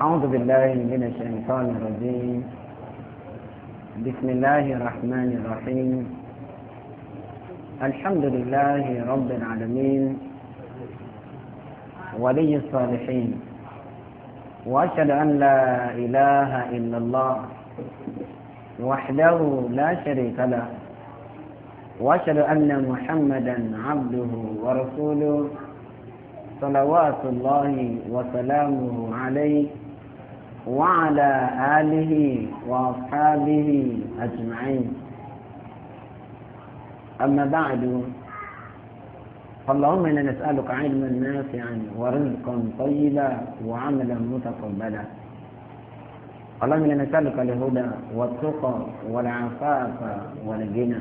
أعوذ بالله من الشيطان الرجيم بسم الله الرحمن الرحيم الحمد لله رب العالمين ولي الصالحين وأشهد أن لا إله إلا الله وحده لا شريك له وأشهد أن محمدا عبده ورسوله صلوات الله وسلامه عليه وعلى آله وأصحابه أجمعين أما بعد اللهم إنا نسألك علما نافعا ورزقا طيبا وعملا متقبلا اللهم إنا نسألك الهدى والتقى والعفاف والغنى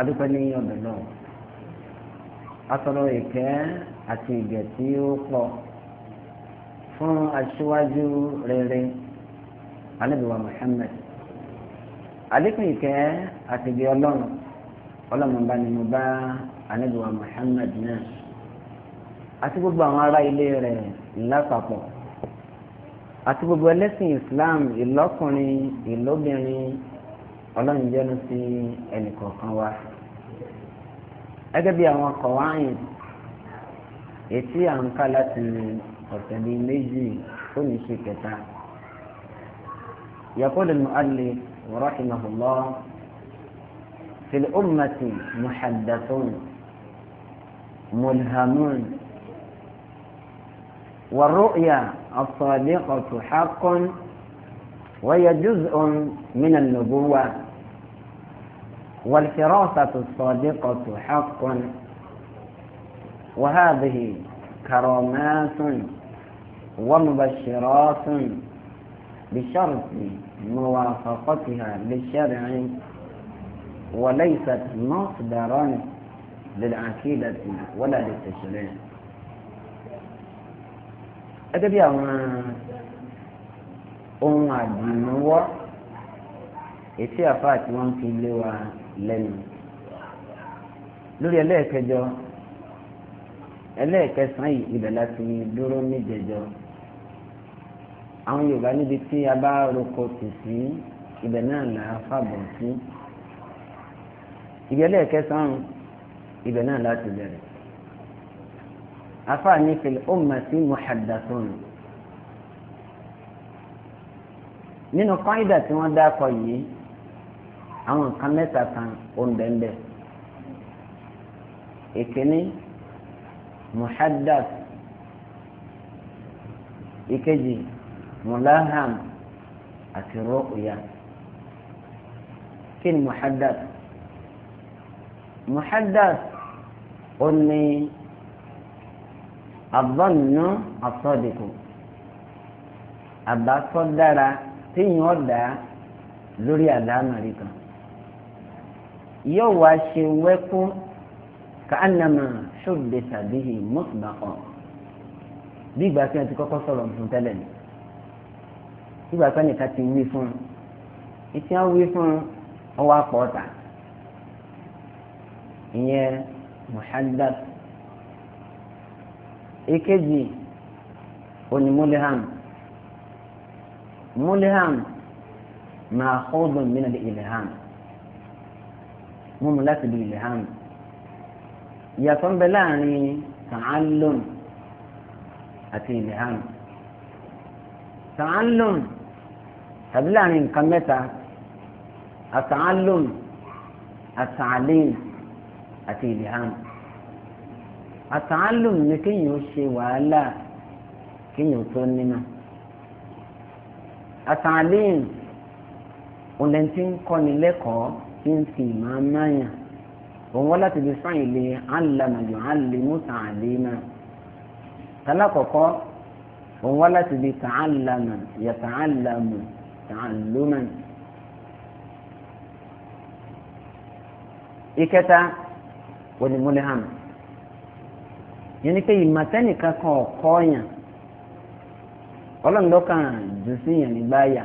adúpẹ́ ní ọ̀dọ̀ náà atọ́rọ̀ ìkẹ́ àti fún aṣíwájú rere anábìwá Muhammad àlékún ìkẹ́ àtìgbé ọlọ́run ọlọ́run bá ní mo bá anábìwá Muhammad náà àti gbogbo àwọn ará ilé rẹ̀ lápapọ̀ àti gbogbo ẹlẹ́sìn Islam ìlọ́kùnrin ìlóbìnrin ọlọ́run jẹ́nu sí ẹnìkọ̀ọ̀kan wa gẹ́gẹ́ bí àwọn kọ̀wáyìn ètí à ń ká láti rìn ọ̀sẹ̀ bíi méjì ó ní يقول المؤلف ورحمه الله في الأمة محدثون ملهمون والرؤيا الصادقة حق وهي جزء من النبوة والفراسة الصادقة حق وهذه كرامات ومبشرات بشرط موافقتها للشرع وليست مصدرا للعقيدة ولا للتشريع أدب يا ohun àdìmọ́wọ́ etí àfáà tí wọ́n fi lé wa lẹ́nu lórí ẹlẹ́ẹ̀kẹjọ ẹlẹ́ẹ̀kẹsàn-án yìí ibẹ̀ láti dúró níjẹjọ àwọn yorùbá níbi tí a bá roko tì sí ibẹ̀ náà là á fàbọ̀ sí ìgbẹ́lẹ̀ kẹsàn-án ibẹ̀ náà láti bẹ̀rẹ̀ afa ní fil ummati muhaddathun nínú kọ́ńdà tí wọ́n dákọ̀ yìí àwọn nǹkan mẹ́ta kan òǹdẹ̀ǹdẹ̀ ìkíní muhaddath ìkejì mulaham àti rọ́ọ̀yà kí ni muhadad muhadad ó ní abọ́nù àtọ́dìkù àbátọ́ dára téèyàn ọ̀dà lórí àdámàrí kan yóò wá ṣe wẹ́kú káànàmà ṣùgbẹ́sàbíyì mọ́tìmákan bí ìgbà tí wọ́n ti kọ́kọ́ sọ̀rọ̀ fún tẹ́lẹ̀ ni sígbà pé nìkan ti wí fún un ìtí wọn wí fún un ọwọ́ àpọ̀ọ̀tà ìyẹn muhaddad èkejì òní múlẹ̀hàm múlẹ̀hàm máa kọ́ọ̀dùn mí náà ilẹ̀hàm múmu láti di ilẹ̀hàm ìyàtọ̀ ń bẹ láàrin tàálùm àti ilẹ̀hàm tàálùm tàbí láàrin nǹkan mẹ́ta àtàlùm àtàlìn àti ìlham àtàlùm ni kéèyàn ó ṣe wàhálà kéèyàn tó nínà àtàlìn òun ti ń kọ́ni lẹ́kọ̀ọ́ tí ń fi ìmọ̀ amáyà òun wọ́n láti fi fáyìn lé alàmàjò alìmú tàlìmà tálákọ̀ọ́kọ́ òun wọ́n láti fi tàlàmà yàtàlàmù. تعلما ìkẹta wọlìmúlẹ̀hàm yẹn ni pé ìmọ̀tẹ́nìkan kan ọ̀kọ́ yàn ọlọ́nùdọ́kàn jù sí yàn nígbà yà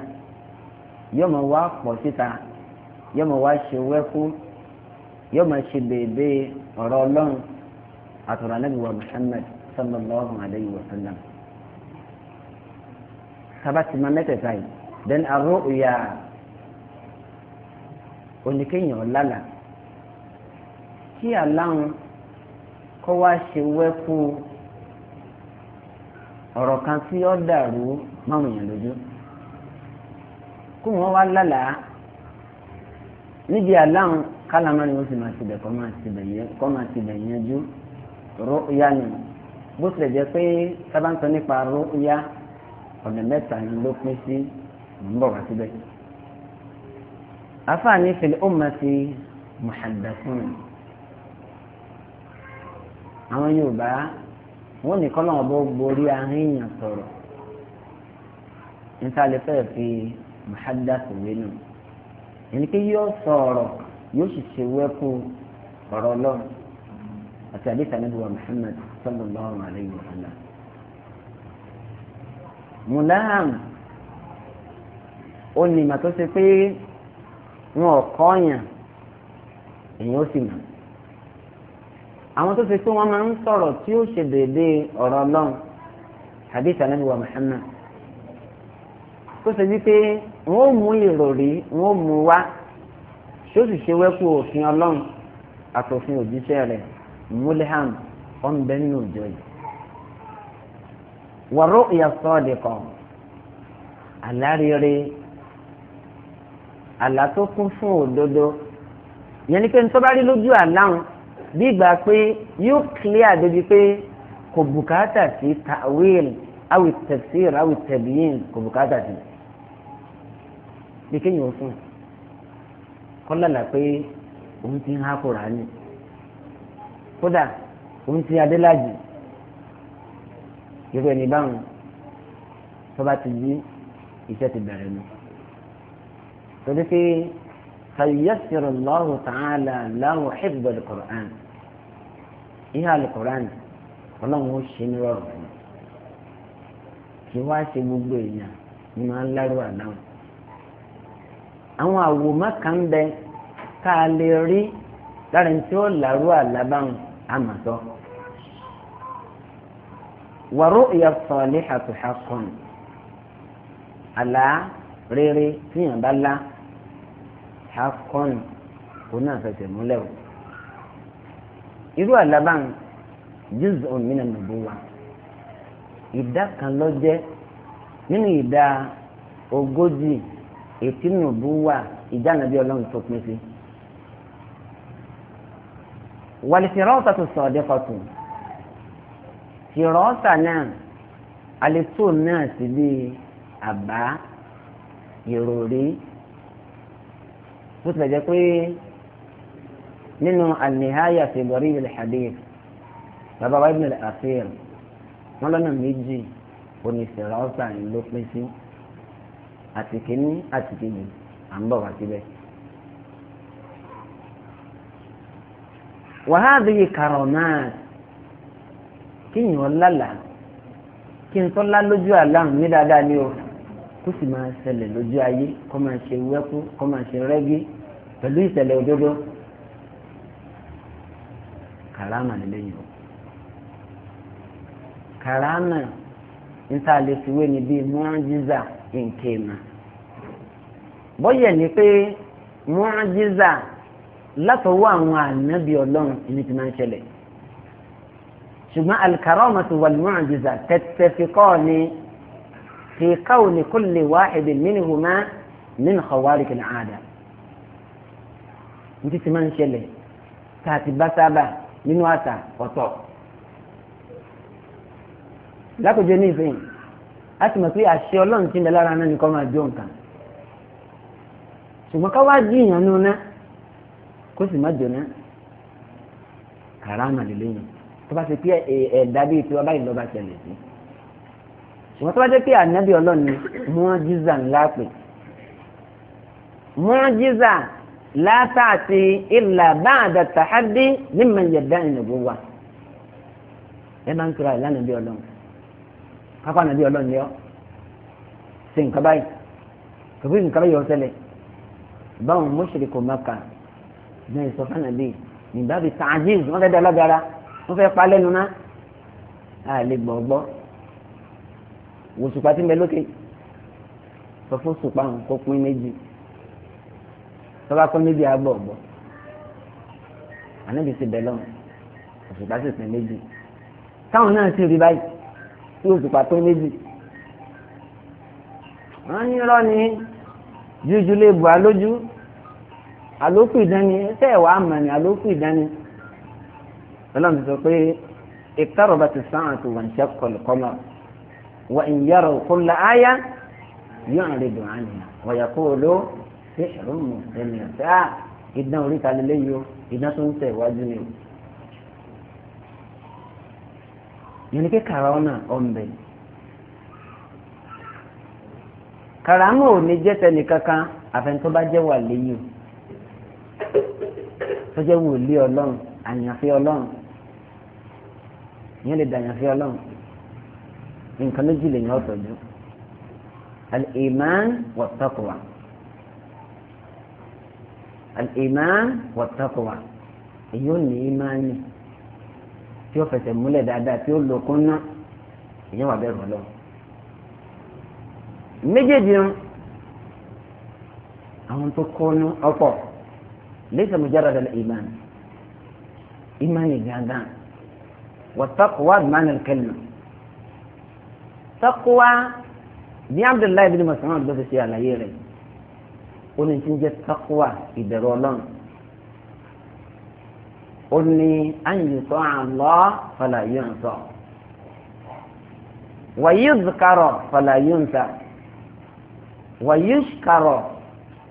yóò máa wá pọ̀ síta yóò máa wá ṣe wẹ́kú yóò máa ṣe bèbè ọ̀rọ̀ ọlọ́run àtọ̀rọ̀ anábìwá Muhammad sallallahu alayhi wa sallam sábà ti máa mẹ́tẹ̀ẹ̀ta yìí then arúgbìyà oníkéèyàn lálà tí aláwọn kọ́ wá ṣe wẹ́kú ọ̀rọ̀ kan tí ó dàrú máwọn èèyàn lójú kó wọ́n wá lálà níbi aláwọn kálámà ni wọ́n sì máa tibẹ̀ kọ́ máa tibẹ̀ yanjú rúgbìyà ni bó tilẹ̀ jẹ́ pé sábà ń sọ nípa rúgbìyà ọ̀nà ni ló pín Si mò ń bọ̀ wá síbẹ̀. àfààní fil ummati muhaddathun àwọn Yorùbá wọn ní kọ́lọ́ ọ̀bọ borí ahínyàn sọ̀rọ̀ níta lè fẹ́ fi muhaddath wínú ẹni pé yóò sọ̀rọ̀ yóò sì ṣe wẹ́kú ọ̀rọ̀ Ọlọ́run àti àdìsá níbi wa Muhammad sallallahu alayhi wa sallam. mùláhàmù ó ní ìmọ̀ tó ṣe pé wọn ò kọ́ yàn èyàn ó sì mọ̀ àwọn tó ṣe pé wọ́n máa ń sọ̀rọ̀ tí ó ṣe déédéé ọ̀rọ̀ ọlọ́run hadith anabi wa muhammad tó ṣe wípé wọn ò mú ìròrí wọn ò mú wá tí ó sì ṣe wẹ́kú òfin ọlọ́run àtòfin òjíṣẹ́ rẹ̀ múlẹ̀hàm ọ̀nbẹ́ nínú òjò yìí wọ̀rọ̀ ìyàsọ́ ọ̀dẹ̀kọ̀ àlárí rẹ̀ àlá tó kún fún òdodo yẹn ni pé ní tó bá rí lójú àláhùn bí ìgbà pé yóò clear débi pé kò bùkátà sí tawil awi tafsir awi tabiyin kò bùkátà sí bí kéèyàn ó sùn kọ́lọ́lá pé òun ti ń há Kùránì kódà òun ti adélájì irú ẹni báwọn tó bá ti yí iṣẹ́ ti bẹ̀rẹ̀ nù torí pé fàyẹ́sìrì lọ́hùn tààlà láwọn ẹ̀gbọ́n alukur'an ihe alukur'an ọlọ́run ó ṣe ní rọrùn fún kí wá ṣe gbogbo èèyàn ni máa ń lárú àdáhùn àwọn àwòmọ́ kan bẹ ká a lè rí lára ní tí ó lárú àlábáhùn àmàtọ́ wàrú ìyàtọ̀ ní àtúnṣe kan àlá rere tíyànbá lá hakọ́n kò náà fẹsẹ̀ múlẹ̀ o irú àlábàn juz omina nubuwa ìdá kan ló jẹ́ nínú ìdá ogójì ètí nubuwa ìdá nàbí ọlọ́run tó pín sí wàlìfìrọ́ọ̀tà tó sọ̀ ọ́dẹ́kọ̀tù fìrọ́ọ̀tà náà alẹ́ tó náà sí bíi àbá ìròrí bó tilẹ̀ jẹ́ pé nínú àníháyà fi bọ̀rí ilẹ̀ hadith bàbá wa ibùdó àfihàn wọn lọ́nà méjì oníṣẹ̀rọ̀ ọ̀sán ló pín sí àti kìíní àti kejì à ń bọ̀ wá síbẹ̀. wàhálà yìí kàrọ̀ náà kínyìn ọ̀làlà kí n tọ́lá lójú àláhùn ní dáadáa ni o kó sì máa ṣẹlẹ̀ lójú ayé kó máa ṣe wẹ́kú kó máa ṣe rẹ́gí pẹ̀lú ìṣẹ̀lẹ̀ òdodo kàrámà nílẹ̀yìn o kàrámà níta lè fi wé ni bíi mọ́ájíza nkèémà bọ́yẹ̀ ni pé mọ́ájíza látọwọ́ àwọn ànábì ọlọ́run ní ti máa ń ṣẹlẹ̀ ṣùgbọ́n alkaramatu wal mu'jiza tattafiqani fi kawni kulli wahidin minhuma min khawarikil 'ada ní títí máa ń ṣẹlẹ̀ tá a ti bá sábà nínú àṣà ọ̀tọ̀ lákòjọ ní ìfẹ́ yìí a ti mọ̀ pé àṣẹ ọlọ́run ti ń bẹ lára náà nìkan máa jó nǹkan ṣùgbọ́n ká wá jí ìyànnú náà kó sì má jóná kàràmà lélẹ́yìn tó bá ṣe pé ẹ̀ẹ́dá bíi tiwa báyìí lọ́ba ṣẹlẹ̀ sí ṣùgbọ́n tó bá jẹ́ pé ànábì ọlọ́run ni mọ́jíza ńlá pè mọ́jíza la ta'ti illa ba'da tahaddi mimman yadda'i nubuwwah ẹ máa ń tura ẹ̀ lánàá bí ọlọ́run kápá nàbí ọlọ́run yọ sí nǹkan báyìí kòkòrò nǹkan báyìí ọ̀sẹ̀lẹ̀ báwọn mọ́ṣẹ̀lẹ̀kọ̀ maka bẹ́ẹ̀ sọ fún nàbí nígbà bíi ta'jiz wọ́n fẹ́ dá lágara wọ́n fẹ́ pa lẹ́nu ná a lè gbọ́ gbọ́ wòṣùpá tí ń bẹ lókè sọ fún sùpá nǹkan pín méjì tọ́ba kọ́ méjì abọ́ ọ̀bọ́ ànábi ti bẹ̀ lọ́wọ́ òṣùpá sì pín méjì táwọn náà sì rí báyìí tí òṣùpá pín méjì wọ́n ní irọ́ ni jújú lè bù á lójú àlòkù ìdání ẹsẹ̀ ẹ̀wà àmà ni àlòkù ìdání ọlọ́run ti sọ pé ìkárọ̀bà ti sàn àti wọ́n ṣe kọ̀lùkọ́mọ̀ wọ́n ń yàrá òkú ńlá yóò rìn dùn ánìyàn wọ́n yà kó o lóò sèṣirò mù ẹ̀mí ọ̀sẹ̀ à iná oríta lélẹ́ yìí o iná tó ń tẹ̀ wájú ni o. yẹnni pé kàràánà ọ̀nbẹ̀ kàràánà ò ní jẹ́sẹ̀ nìkankan àfẹnutọ́ bá jẹ́ wà lẹ́yìn o tó jẹ́ wòlíì ọlọ́run àyànfẹ́ ọlọ́run yẹn lè dàyànfẹ́ ọlọ́run nǹkan méjì lè yàn ọ̀tọ̀jú al-iman wa taqwa. الإيمان والتقوى يون إيماني تيو فتمولي دادا تيو اللو كنا يوا بيرو لو مجدين أهم تكونوا أفو ليس مجرد الإيمان إيماني جاندا والتقوى بمعنى الكلمة تقوى دي الله بن مسعود بس يا لا يريد ó ní tí ń jẹ́ takwa ìbẹ̀rù ọlọ́run ó ní àyìntọ́ Allah fàlà yóò ń sọ wàyí zukarọ̀ fàlà yóò ń wàyí ṣkarọ̀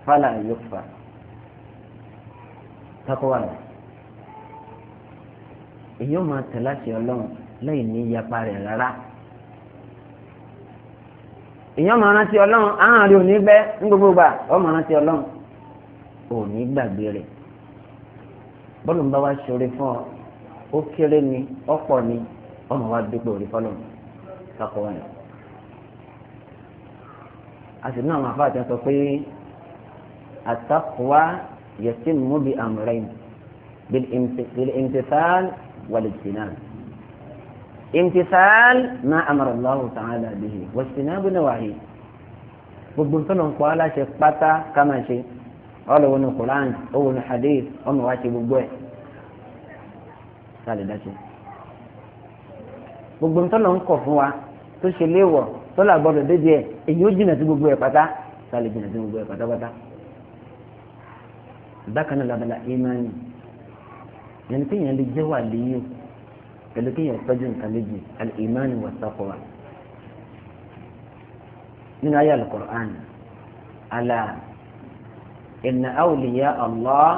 fàlà fà takwa rẹ̀ èyí ó máa tẹ̀lé àti ọlọ́run lẹ́yìn ní ìyapa rẹ̀ rárá èèyàn máa rántí ọlọ́run àárín òní bẹ́ ń gbogbo gbà ọ máa rántí ọlọ́run òní gbàgbé rẹ̀ bọ́ọ̀lù ń bá wa ṣoore fún ọ ó kéré ni ọ̀pọ̀ ni ọmọ wa dúpẹ́ orí fọlọ́run kakọ wọn. a sì náà máa fà àti sọ pé àtàkùwá yẹtí mú bi àmúrẹ́yìn bíi ìmùtẹ́fẹ́ wàlẹ̀ jìnnà imtisal ma amara Allahu ta'ala bihi wajtinabu nawahi gbogbo nǹkan ló ń kọ́ aláṣẹ pátá ká máa ṣe ọ̀lọ́ wọnú Quran ọ̀wọ̀nù hadith ọmọ wa ṣe gbogbo ẹ̀ sáré dáṣe. gbogbo nǹkan ló fún wa tó ṣe léèwọ̀ tó là gbọ́dọ̀ dédé ẹ̀ èyí ó jìnà sí gbogbo ẹ̀ pátá sáré jìnà sí gbogbo ẹ̀ pátápátá. bákan náà labala imani ẹni tí yẹn lè jẹ́ wà lẹ́yìn pẹ̀lú kí yẹn tọ́jú nǹkan méjì al-imani wa taqwa nínú ayé al-Qur'an ala inna awliya Allah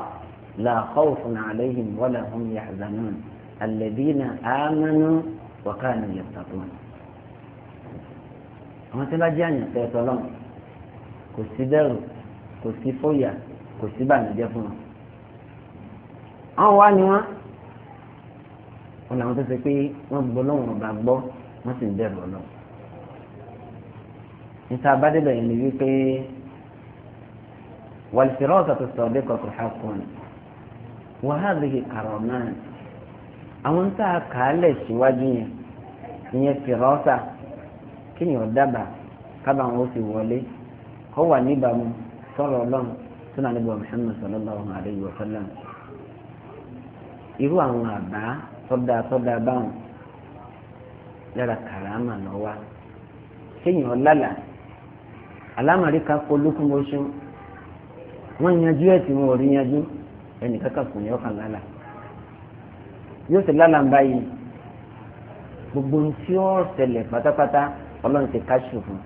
la khawfun alayhim wa la hum yahzanun alladhina amanu wa kanu yattaqun àwọn tí bá jẹ́ àyàn tẹ́ tọ́lọ́ kò sí bẹ̀rù kò sí fòyà kò sí bànújẹ́ àwọn wá ni wọn wọn làwọn tó ṣe pé wọn gbọ́ lọ́wọ́n ọba gbọ́ wọn sì ń bẹ̀rù ọ̀nà níta abádébẹ̀ yẹn ni wípé wàlìsirọ́ ọ̀tọ̀ sọ̀dẹ́ kọ̀ọ̀kan hakùn wàhálì kàrọ̀ náà àwọn ń tà kàálẹ̀ síwájú yẹn ìyẹn fìrọ́sà kéèyàn dábàá kábàáwọn ó sì wọlé kó wà níbàámu sọ̀rọ̀ ọlọ́run tó náà níbo Muhammad sallallahu alayhi wa sallam irú àwọn àbá tọ́da tọ́da báwọn lára kàràmà lọ wá kéèyàn lálà alámàrí ká kó lókùnbóṣù wọn yanjú ẹ tí wọn ò rí yanjú ẹnìkan kan kò ní ọkàn lálà yóò sì lálà ń báyìí gbogbo ohun tí ó ṣẹlẹ̀ pátápátá ọlọ́run ti káṣù fún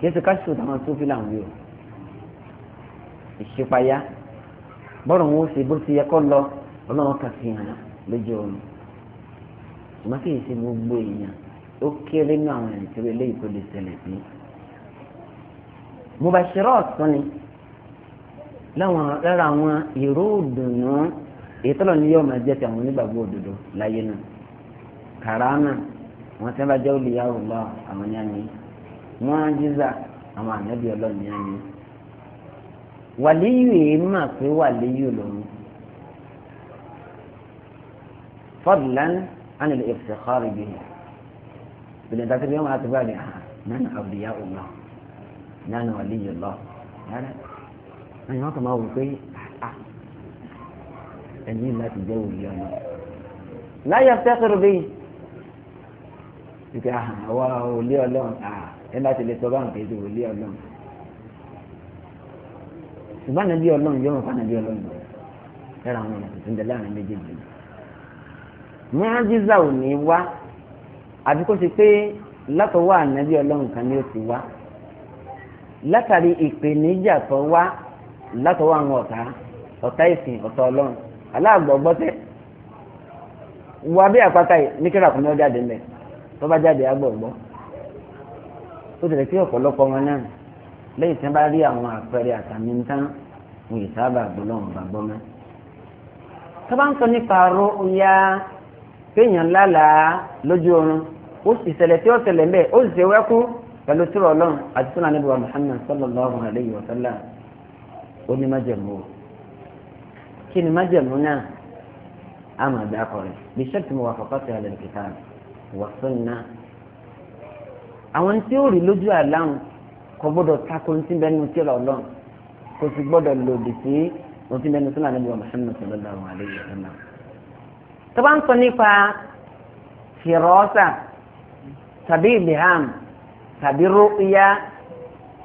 kí ẹsẹ̀ káṣù táwọn tó fi làwọn yóò ìṣípayá bọ́rọ̀ wọn ó ṣe bó ti yẹ kọ́ lọ ọlọ́run kà fi hàn lójú oorun ṣùgbọ́n kì í ṣe gbogbo èèyàn ó kéré ní àwọn ẹ̀rìn tí ó lé ìtò lè ṣẹlẹ̀ sí. mo bá ṣe rọ́ọ̀tún ni lára àwọn ìró ìdùnnú èyí tọ́lọ̀ ní yóò máa jẹ́ ti àwọn onígbàgbọ́ òdodo láyé náà kàràánà wọn tí wọn bá jẹ́ olùyàwó lọ àwọn ní wọn á jíza àwọn ànábì ọlọ́run ní wàlíyù yìí mà pé wàlíyù lòun fọdùlánì. عن الافتخار به بالنسبة اليوم أتباني آه، من أولياء الله من ولي الله هذا أنا ما أقول أني لا تجوز يا الله لا يفتخر بي يقول أها هو ولي الله أها إلا تلي سبان كيزو ولي الله سبان لي الله يوم فانا لي الله يوم يرى هنا سندلان مجيب لي ní ájíza ò ní wá àbí kó ṣe pé látọwọ́ ànábì ọlọ́run kan ni ó ti wá látàrí ìpèníjà tó wá látọwọ́ àwọn ọ̀tá ọ̀tá ìsìn ọ̀tá ọlọ́run aláàgbọ̀gbọ́tẹ́ wà bí àpáta yìí ní kíra kùnú jáde mẹ́ tó bá jáde àgbọ̀gbọ́ ó tẹ̀lé kí ọ̀pọ̀lọpọ̀ wọn náà lẹ́yìn tí wọ́n bá rí àwọn àpẹẹrẹ àtàmì ń tán wọn ì sábà gbọ́lọ́run gbàgbọ́ mẹ́. tó bá ń sọ nípa ró ya kéèyàn lálàá lójú oorun ó sì ṣẹlẹ̀ tí ó ṣẹlẹ̀ mbẹ́ ó sì ṣe wẹ́kú pẹ̀lú tìrọ̀ ọlọ́run àti sọ́nà níbi wa Muhammad sallallahu alayhi wa sallam ó ní májẹ̀mú o kí ni májẹ̀mú náà a máa dá akọrin bí sẹ́ẹ̀tì mo wà fọ́kọ́ sí alẹ́ kìtà wà sunnah àwọn tí ó rí lójú àláhùn kò gbọ́dọ̀ tako ní ti bẹ́ẹ̀ ní ọlọ́run kò sì gbọ́dọ̀ lòdì sí ní ti bẹ́ẹ̀ ní sọ́nà wa Muhammad sallallahu alayhi wa sallam tó bá ń sọ nípa fìrọ́sà tàbí ìbìhàm tàbí rúkúyà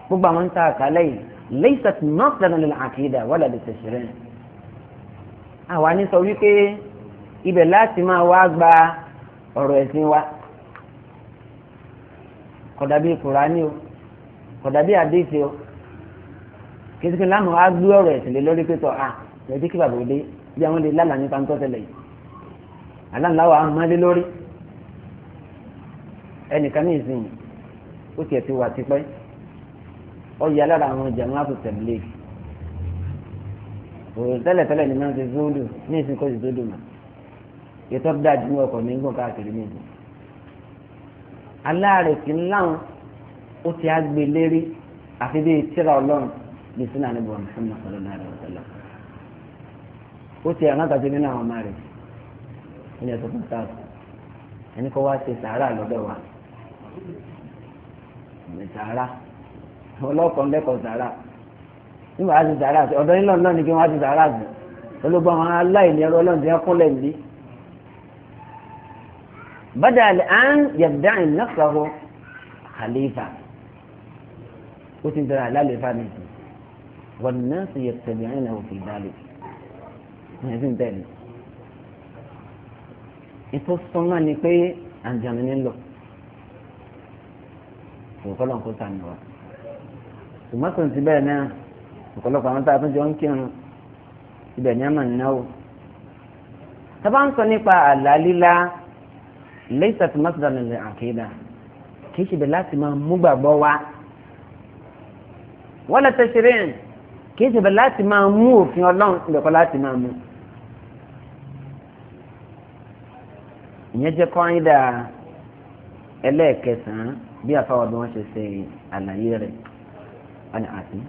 ليست àwọn tá a kálẹ̀ yìí lẹ́sà tí náà tẹ̀lé ní àkìdá wọ́n làbẹ̀ tẹ̀sírẹ́ àwa ní sọ wípé ibẹ̀ láti máa wá gba ọ̀rọ̀ ẹ̀sìn wa kódà bíi kùránì o kódà àdéhìí o kìsìkì lánàá á gbé ọ̀rọ̀ ẹ̀sìn lé lórí pé tọ́ a ẹ̀dí kí bàbá òde bí àwọn lè lálàá nípa ń tọ́ tẹ́lẹ̀ yìí aláǹláwọ̀ á mọ́lé lórí ẹnìkan ní ìsìn ó tiẹ̀ ti wà tipẹ́ ó yẹ alára àwọn jama'atu tabligh òòrùn tẹ́lẹ̀tẹ́lẹ̀ ni máa ń ṣe zóòlù ní ìsìn kó sì zóòlù mọ́ ètò dájú ní ọkọ̀ ní gbọ̀n káàkiri ní ìsìn aláàrẹ̀ kì ń láwọn ó ti á gbé lérí àfi bíi tíra ọlọ́run bíi sínú àníbọ̀ Muhammad sallallahu alaihi wasallam ó ti àrántàjọ nínú àwọn ọmọ rẹ̀ ẹni ẹ̀sọ́ fún táàbù ẹni kọ́ wá ṣe sàárà lọ́dọ̀ wa sàárà ọlọ́kọ̀ ńlẹ́kọ̀ sàárà nígbà wá ṣe sàárà sí ọ̀dọ́ nílọ̀ náà ni kí wọ́n wá ṣe sàárà sí olóògbé àwọn aláìní ẹrú ọlọ́run ti ń kúnlẹ̀ níbí. bàdà àlẹ́ à ń yàgbá ìnáfàwọ̀ àlééfà ó ti ń tẹ̀lé nìyí wọ́n náà sì yẹ tẹ̀lé àyìnlá òfin dálé ẹ̀ tẹ̀lé ètò súnmọ́ ni pé àǹjàmí nílò òkọlọ́n kó sàmì wa ṣùgbọ́n tó ń ti bẹ́ẹ̀ náà ọ̀pọ̀lọpọ̀ àwọn tá a tún jọ ń kírun ibẹ̀ ni a máa ń náwó. tábà ń sọ nípa àlá lílá lẹ́yìn tí masdan lè àkéèdà kì í ṣe bẹ̀ láti máa mú gbàgbọ́ wá. wala tashrin kì í ṣe bẹ̀ láti máa mú òfin ọlọ́run ìbẹ̀kọ́ láti máa mú. ìyẹn jẹ́ kọ́ńdà ẹlẹ́ẹ̀kẹsàn-án bí àfáwọn bí wọ́n ṣe ṣe àlàyé rẹ̀ ọ̀nà àti.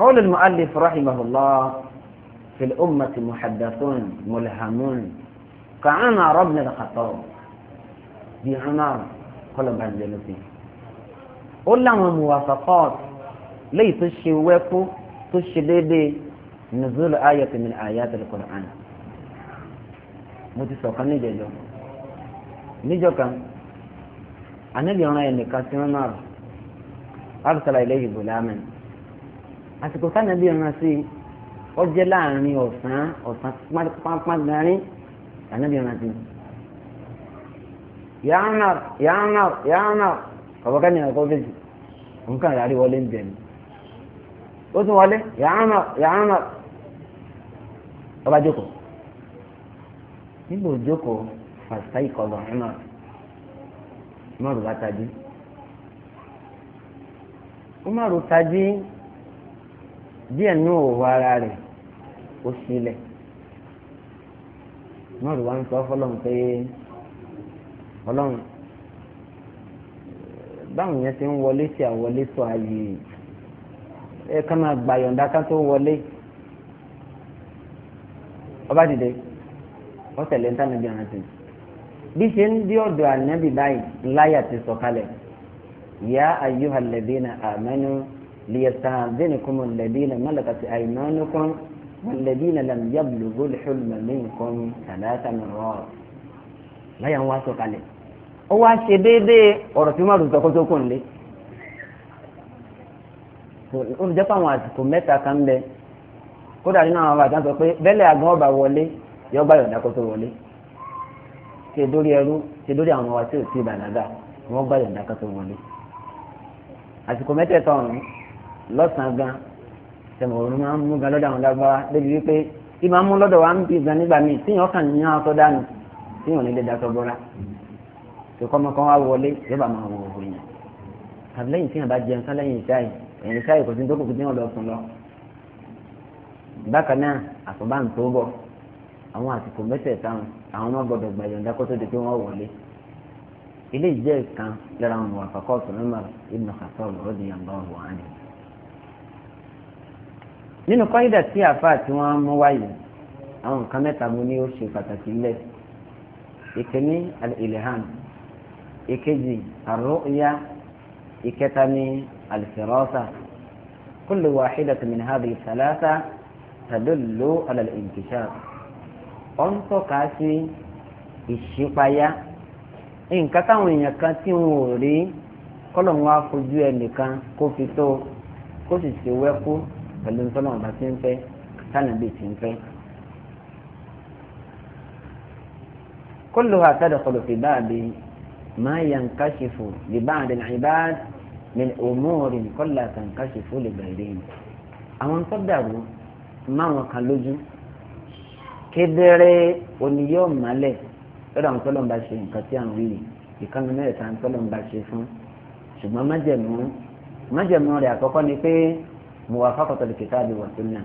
قول المؤلف رحمه الله في الأمة محدثون ملهمون كعمر بن الخطاب بعمر قلب الجلسين ó láwọn muwafaqat léyìí tó ṣe wẹ́kú tó ṣe déédéé nùzúlù ayọ̀tì mi àyàtì alukur'an mo ti sọ̀kan níjẹ̀jọ́ níjọ́ kan anábì ọ̀ràn ẹnìkan sí ọmọ rẹ̀ arsala ilayhi gulaman àsìkò sànàbí ọ̀ràn sí ó jẹ́ láàrin ọ̀sán ọ̀sán pápágarin sànàbí ọ̀ràn sí yàánar yàánar yàánar ọ̀bọ̀ká ni ọ̀kọ́ fèsì nǹkan ìyàrí wọlé ń jẹ ni ó tún wọlé yàánar yàánar ọba jókòó nígbà òjókòó fàṣà ìkọlọ ọmọ ọmọrù bá tají ọmọrù tají díẹ̀ nú òwò ara rẹ̀ ó sílẹ̀ ọmọrù wa ń sọ fọlọ́n pé ọlọ́run báwọn yẹn ti ń wọlé sí àwọlé tó ayé ẹ ká máa gbàyọ̀ǹda ká tó wọlé ọba dìde wọ́n tẹ̀lé ń tánà bí ọ̀ràn tì bí ṣe ń dí ọ̀dọ̀ ànábì báyìí láyà ti sọ kalẹ̀ yá ayyuhal ladina amanu liyasta'dhinkumu alladina malakat aymanukum walladina lam yablughul hulma minkum thalatha marrat láyà ń wá sọ kalẹ̀ ó wá ṣe déédéé ọ̀rọ̀ tí wọ́n rò sọ́kọ́ tó kùn olùjẹ́pọ̀ àwọn àsìkò mẹ́ta kan bẹ́ẹ̀ kódà nínú àwọn bàtà sọ pé bẹ́lẹ̀ àgán ọba wọlé yọ gbà yọ̀ǹda kó tó wọlé ṣe dórí ẹrú ṣe dórí àwọn ọmọ tí ò sí ìbànújà wọ́n gbà yọ̀ǹda kó tó wọlé àsìkò mẹ́tẹ̀ẹ̀ta ọ̀hún lọ́sàn-án gan tẹ̀mọ̀ òru máa ń mú gan lọ́dọ̀ àwọn lágbára débi wípé kí máa ń mú lọ́dọ̀ wa ń bí gan nígbà míì tíyàn kàn ní aṣọ dànù tíyàn nílé daṣọ bọ́ra tòkọ́ bákan náà àsùbá ń tó bọ̀ àwọn àsìkò mẹ́tẹ̀ẹ̀ta àwọn ọmọ gbọ́dọ̀ gbàyọ̀ǹda kó tó di pé wọ́n wọlé ilé ìjẹ́ kan lára àwọn wàfàkọ́ ọ̀tọ̀nàmà ibn Khattab radiyallahu anhu. nínú kọ́ídà tí àfáà tí wọ́n mú wáyé àwọn nǹkan mẹ́ta mú ní ó pàtàkì lẹ̀ ìkíní al ìkejì ar ìkẹta ní al-firasa kullu wahidatu tàdólò alàlẹ́ ìkìṣà ọ̀ ń tọ́ka sí ìṣípayá nǹkan táwọn èèyàn kan tí wọn ò rí kọ́lọ̀ wọn á fojú ẹnìkan kó fi tó kó sì ṣe wẹ́kú pẹ̀lú nítorí wọn bá ti ń fẹ́ tánàbí ti ń fẹ́. كلها تدخل في باب ما ينكشف لبعض العباد من أمور قد لا تنكشف لغيرهم àwọn tó dàrú máwọn kan lójú kedere oníyọ màlẹ lọ́dọ̀ àwọn tọ́lọ̀ ń bá ṣe nǹkan tí à ń wí yìí ìkànnì mẹ́rẹ̀ẹ́ta ń tọ́lọ̀ ń bá ṣe fún ṣùgbọ́n májẹ̀mú májẹ̀mú rẹ̀ àkọ́kọ́ ni pé muwafaqatul kitabi wa sunnah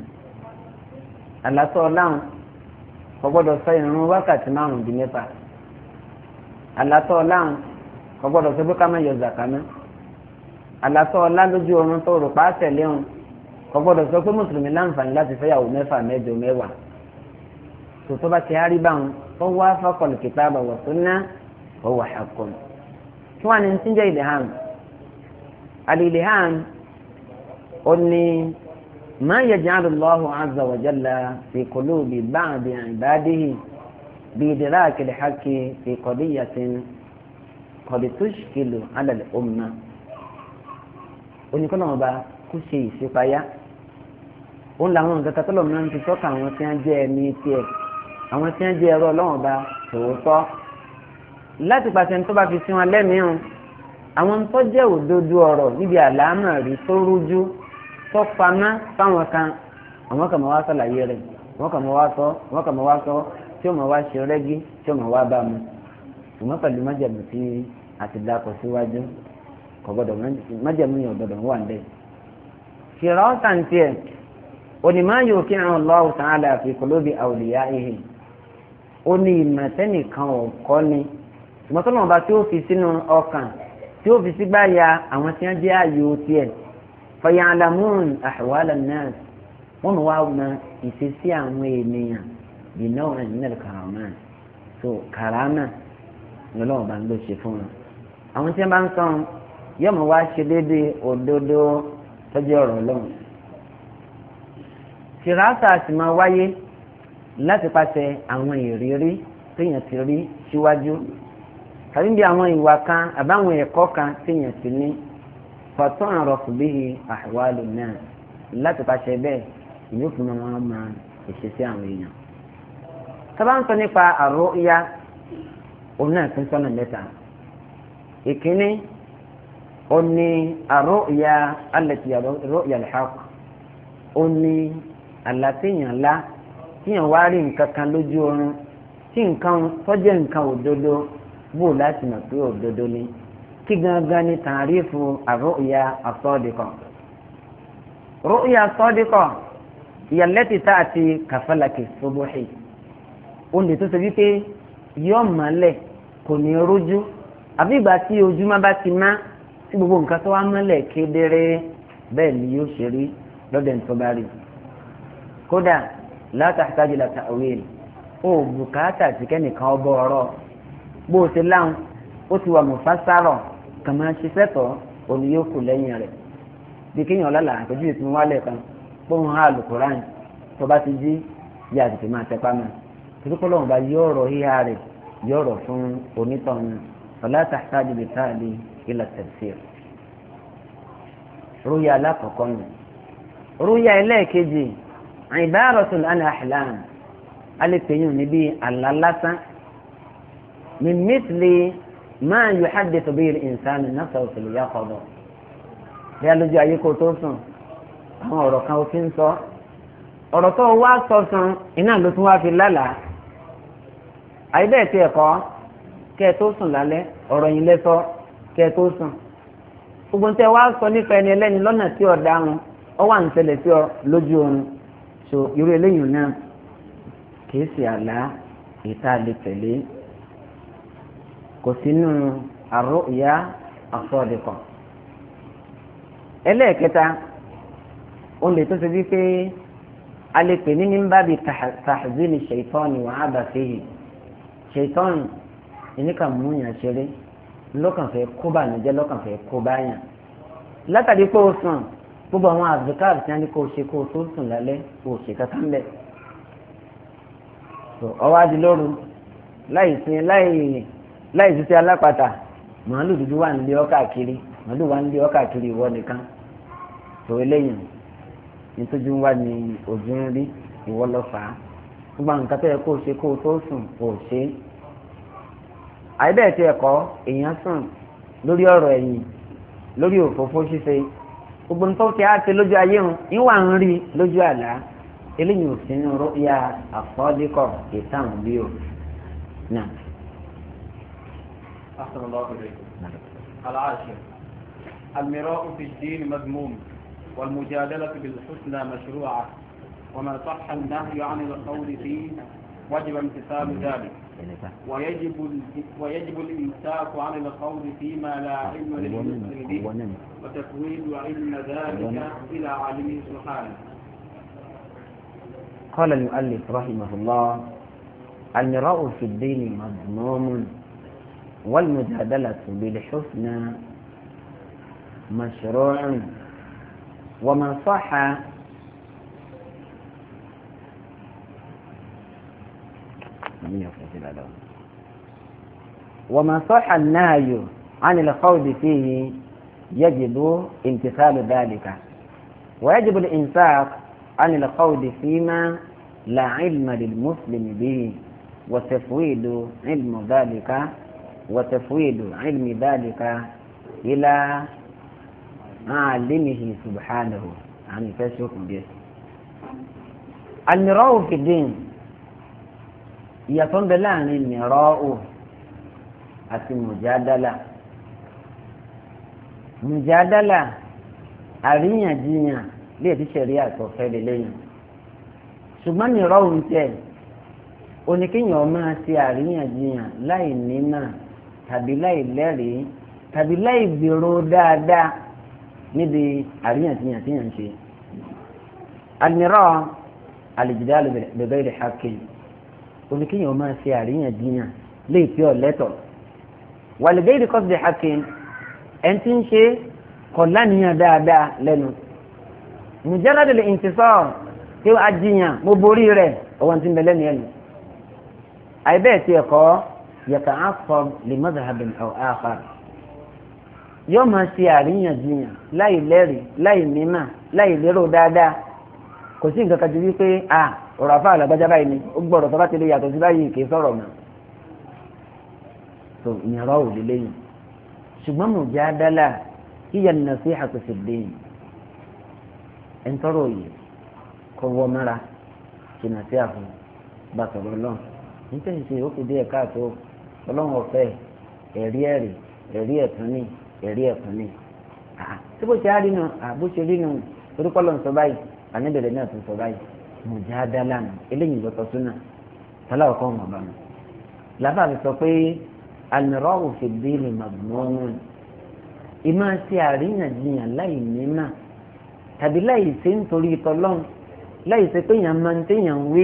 àlàtọ̀ ọ̀làhùn kò gbọ́dọ̀ sọ ìrun wákàtí márùn-ún di mẹ́fà àlàtọ̀ ọ̀làhùn kò gbọ́dọ̀ sọ pé ká má yọ zàkáná àlàtọ̀ ọ̀là lójú oorun tó rò pàṣẹ léhùn kò gbọ́dọ̀ sọ pé mùsùlùmí láǹfààní láti fẹ́yàwó mẹ́fà mẹ́jọ mẹ́wàá tòótọ́ bá ti hárí báwọn ó wá fọ́kọ̀lù kitaba wa sunna ó wà haqqun. kí wàá ní ti ń jẹ́ ilham al ó ní ma yaj'alu Allahu azza wa jalla fi qulubi ba'di ibadihi bi'idraki al-haqqi fi qadiyatin qad tushkilu ala al-umma. oníkọ́nà ọba kó ṣe ìṣípayá òun làwọn nǹkan kan tọ́lọ̀ mìíràn ti tọ́ka àwọn tí wọ́n jẹ́ ẹni tiẹ̀ àwọn tí wọ́n jẹ́ ẹ̀rọ ọlọ́wọ́n ba tòótọ́ láti pàṣẹ ní tó bá fi sí wọn lẹ́mìí hàn àwọn tó jẹ́ òdodo ọ̀rọ̀ níbi àlámà rí tó rújú tó pamá fáwọn kan àwọn kan máa wá sàlàyé rẹ̀ wọ́n kàn máa wá sọ wọ́n kàn máa wá sọ tí ó máa wá ṣe rẹ́gí tí ó máa wá bá mu ṣùgbọ́n pẹ̀lú májẹ̀mú tí àtìlákọ̀ síwájú kò gbọ́dọ̀ májẹ̀mú yẹn ò gbọ́dọ̀ wà ń fìrọ́sàn tiẹ̀ onímọ̀ yóò kí àwọn Allahu ta'ala fi qulubi awliya'ihi ó ní ìmọ̀ sẹ́nìkan ọ̀kọ́ ni ìmọ̀ tó bá tí ó fi sínú ọkàn tí ó fi sígbà ya àwọn tí wọ́n jẹ́ ààyò tiẹ̀ na ya'lamun ahwala an-nas wọ́n mọ̀ wá na ìṣesí àwọn ènìyàn bá ń ṣe fún wọn àwọn tí wọ́n bá ń sọ tọ́jú ọ̀rọ̀ ọlọ́run tìrátà sì máa wáyé láti pàṣẹ àwọn ìrírí téèyàn ti rí síwájú tàbí bí àwọn ìwà kan àbáwọn ẹ̀kọ́ kan téèyàn ti ní fọ̀tún àròkù bíi àwàlù náà láti pàṣẹ bẹ́ẹ̀ ìlú fún wọn máa ìṣesí àwọn èèyàn tọ́ba ń sọ nípa àrò ìyá òun náà pín sọ́nà mẹ́ta ìkíní. E ó ní àrọ́ọ̀yà alẹ́tì àrọ́ọ̀yà alhaq ó ní àlàtìyàn ńlá tíyàn wá rí nǹkan kan lójú oorun tí nǹkan tọ́jẹ́ nǹkan òdodo bò láti mọ̀ pé òdodo ni kí gangan ni tàrífù àrọ́ọ̀yà asọ́dìkọ̀ rọ́ọ̀yà asọ́dìkọ̀ ìyàlẹ́tì tá a ti kàfàlàkì sóbóhì ó lè tó ṣe wípé yọ̀ọ̀mọ̀lẹ̀ kò ní rújú àbí tí ojúmọ́ bá ti má tí gbogbo nǹkan tó wá mọ́lẹ̀ kedere bẹ́ẹ̀ ni yóò ṣe rí lọ́dẹ̀ tó bá rí kódà látàkàjì látàwéèlì ó bùkátà tí kẹ́nìkan ọbọ̀ ọ̀rọ̀ bó o ṣe láwọn ó ti wà mọ̀fásárọ̀ kàmá ṣiṣẹ́ tọ̀ òní yóò kù lẹ́yìn rẹ̀ bí kéèyàn lálà àpèjúwe tí wọ́n wá lẹ́ẹ̀kan pọ́n ha alukoran tó bá ti jí yá àtètè máa tẹpá mọ́ torí pé bá yọ ọ̀rọ̀ híhá rẹ̀ yọ ọ̀rọ̀ fún onítọ̀hún فلا تحتاج بالفعل إلى التفسير رؤيا لا تقن رؤيا إليك جي عبارة عن أحلام التيون بي اللالة من مثل ما يحدث به الإنسان نفسه في اليقظة لألجو أيكو توسن àwọn ọ̀rọ̀ kan òfin sọ ọ̀rọ̀ tó في sọ san iná kẹ́ tó sùn lálẹ́ ọ̀rọ̀ yìí lẹ́sọ tó sùn. gbogbo sọ nípa ẹni ẹlẹ́ni tí ọ dáhùn ọ wà ń ṣẹlẹ̀ sí so irú eléyìí náà kìí ṣe àlá ìta lè tẹ̀lé kò sínú àrò ìyá àfọ̀dẹ̀kọ̀. ẹlẹ́ẹ̀kẹta ó lè tó ṣe a lè pè ní ní wàhálà fèyí ẹni kà mú yàn ṣeré lọ́kànfẹ́ kó bá yàn jẹ́ lọ́kànfẹ́ kó bá yàn látàrí pé o sùn gbogbo àwọn àzùkáàbù tí wọ́n ní kó o ṣe kó o tó sùn lálẹ́ kó o ṣe kankan lẹ̀ ọwọ́ adi lóru láì sin láì láì ṣiṣẹ́ alápàtà màálù dúdú wà ń lé ọ káàkiri màálù wà ń lé ọ ìwọ nìkan tó eléyìn nítorí wà ní ojú rí ìwọ lọ fà á gbogbo àwọn nǹkan tó yẹ kó o ṣe kó o tó sùn kó ṣe é àìbẹ́ẹ̀ tí ẹ̀kọ́ èèyàn sùn lórí ọ̀rọ̀ ẹ̀yìn lórí òfófó ṣíṣe gbogbo nǹkan tí a ti lójú ayé hàn ìwà ń rí lójú àlá eléyìí ò sí ní rọ́yà àfọ́díkọ̀ ìtàn bí o. أحسن الله العاشر المراء في الدين مذموم والمجادلة بالحسنى مشروعة وما صح النهي عن القول فيه وجب امتثال ذلك يعني ويجب ويجب الإمساك عن القول فيما لا آه، علم للمسلم به وتفويض علم ذلك إلى عالمه سبحانه قال المؤلف رحمه الله المراء في الدين مذموم والمجادلة بالحسنى مشروع ومن صح المسلمين في البلاد وما صح النهي عن الخوض فيه يجب امتثال ذلك ويجب الإنفاق عن الخوض فيما لا علم للمسلم به وتفويض علم ذلك وتفويض علم ذلك إلى عالمه سبحانه عن يعني فشوك تشرك به المراء في الدين ìyàtọ̀ ń bẹ láàrin mìíràn àti mùjádálà mùjádálà àríyànjiyàn lè ti ṣẹ̀rí àtọ̀fẹ́ lélẹ́yìn ṣùgbọ́n mìíràn òun tẹ̀ oníkéèyàn máa ṣe àríyànjiyàn láì nímà tàbí láì lẹ́rìí tàbí láì gbèrò dáadáa níbi àríyànjiyàn tí yàn ń ṣe. àdìmíràn àlìjìdá lè bẹ̀rẹ̀ hakim oníkéèyàn máa ṣe àríyànjiyàn léè pé ọ̀lẹ́tọ̀ wàlẹ́gẹ́ ìdíkọ́sí hakim ẹni tí ń ṣe kọ̀ lánìyàn dáadáa lẹ́nu nìjẹ́rẹ́dẹ̀lẹ̀ ìǹtìsọ́ tí a jiyàn mo borí rẹ̀ ọwọ́n ti ń bẹ lẹ́nu ẹ̀lú àìbẹ́ẹ̀ tí ẹ̀kọ́ yẹ̀kà á sọ lè mọ́tò habin ọ̀hánfà yóò máa ṣe àríyànjiyàn láì lẹ́rìí láì mímà láì lérò dáadáa kò sí nǹkan kan ju wípé a ọ̀rọ̀ afá àlàgbájá báyìí ni ó gbọ́dọ̀ sọ bá ti lè yàtọ̀ sí báyìí kì í sọ̀rọ̀ mọ́ so ìyàrá ò lè lẹ́yìn ṣùgbọ́n mo jẹ́ àdálà yíyà nà sí àkùsì lẹ́yìn ẹ̀ ń tọrọ òye kọ́ wọ́ mọ́ra kì nà sí àfún bá sọ̀rọ̀ lọ́n níta ìṣe ó fi dé ẹ̀ka àtó ọlọ́run ọ̀fẹ́ ẹ̀rí ẹ̀rí ẹ̀rí ẹ̀tún ni ẹ̀rí ẹ̀tún ni tí bó ṣe á rí nu àbó rí nu torí kọ́ sọ báyìí àníbẹ̀rẹ̀ náà tún sọ báyìí mùjáàdálà nù eléyìí lọ́tọ̀ súnà tálá ọ̀kọ́ ọ̀mọ̀ bá mi. làbá mi sọ pé àmìrọ̀ òfin bíìlì màgbọ́nù ìmọ̀ ṣe àríyànjiyàn láì nímà tàbí láì ṣe nítorí tọlọ́n láì ṣe pé èèyàn máa ń téèyàn wé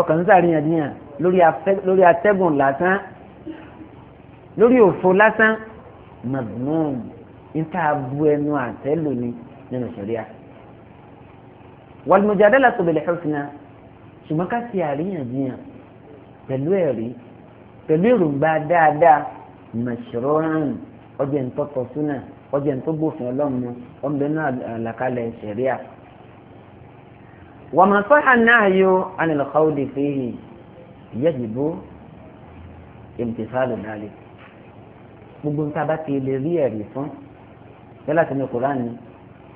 ọkàn ń ṣàríyànjiyàn lórí atẹ́gùn lásán lórí òfo lásán màgbọ́nù níta bu ẹnu àtẹ́lù ni nínú ṣẹ̀ríà wal-mujadalatu bil-husna ṣùgbọ́n ká ṣe àríyànjiyàn pẹ̀lú ẹ̀rí pẹ̀lú èròǹgbà dáadáa mashru'an ọjọ́ ìtọ́tọ̀ súnà ọjọ́ ìtọ́gbòfin ọlọ́mọ ọmọdé náà àlàkalẹ̀ ṣẹ̀ríà. wa man sahha an-nahyu 'ani al-qawli fihi yajibu imtithalu dhalik gbogbo nǹkan bá ti lè rí ẹ̀rí fún yálà tí ní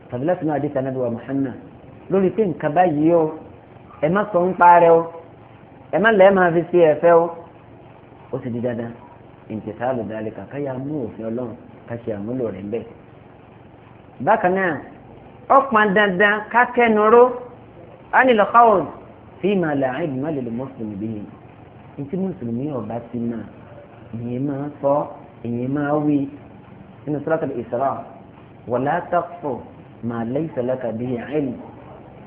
tàbí láti ní àdìsá náà wà Muhammad lórí pé nǹkan báyìí o ẹ má sọ ń parẹ́ o ẹ má lẹ́ẹ̀ máa fi ṣe ẹ̀fẹ́ o ó sì di dandan ìǹtẹ̀sá àlùdarí kàkà yà mú òfin ọlọ́run ká ṣe àmúlò rẹ̀ ń bẹ̀. bákan náà ọ̀pọ̀n dandan ká kẹnuró ánìlọ́ káwọn fi máa là á ìdùnnú àlèlè mọ́sùlùmí bí yìí ntí ọba ti máa èyí máa sọ èyí máa wí nínú suratul Isra wala taqfu ma laysa laka bihi ilm.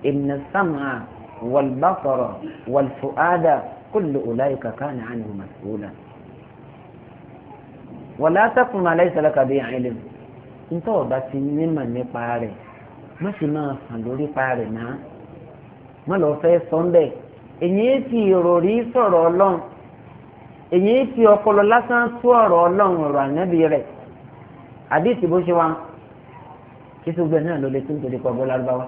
إن السمع والبصر والفؤاد كل أولئك كان عنه مسؤولا ولا تقف ما ليس لك به علم انت وبس مما نقاري ما سمع صندوري قاري نا ما لو في صندي èyí fi ìròrí sọ̀rọ̀ ọlọ́run èyí fi ọpọlọ lásán tú ọ̀rọ̀ ọlọ́run ọ̀rọ̀ ànábì rẹ̀ àdìsí bó ṣe wá kí tó gbẹ náà ló lè tó nítorí pọ̀ bọ́lá lọ́wọ́.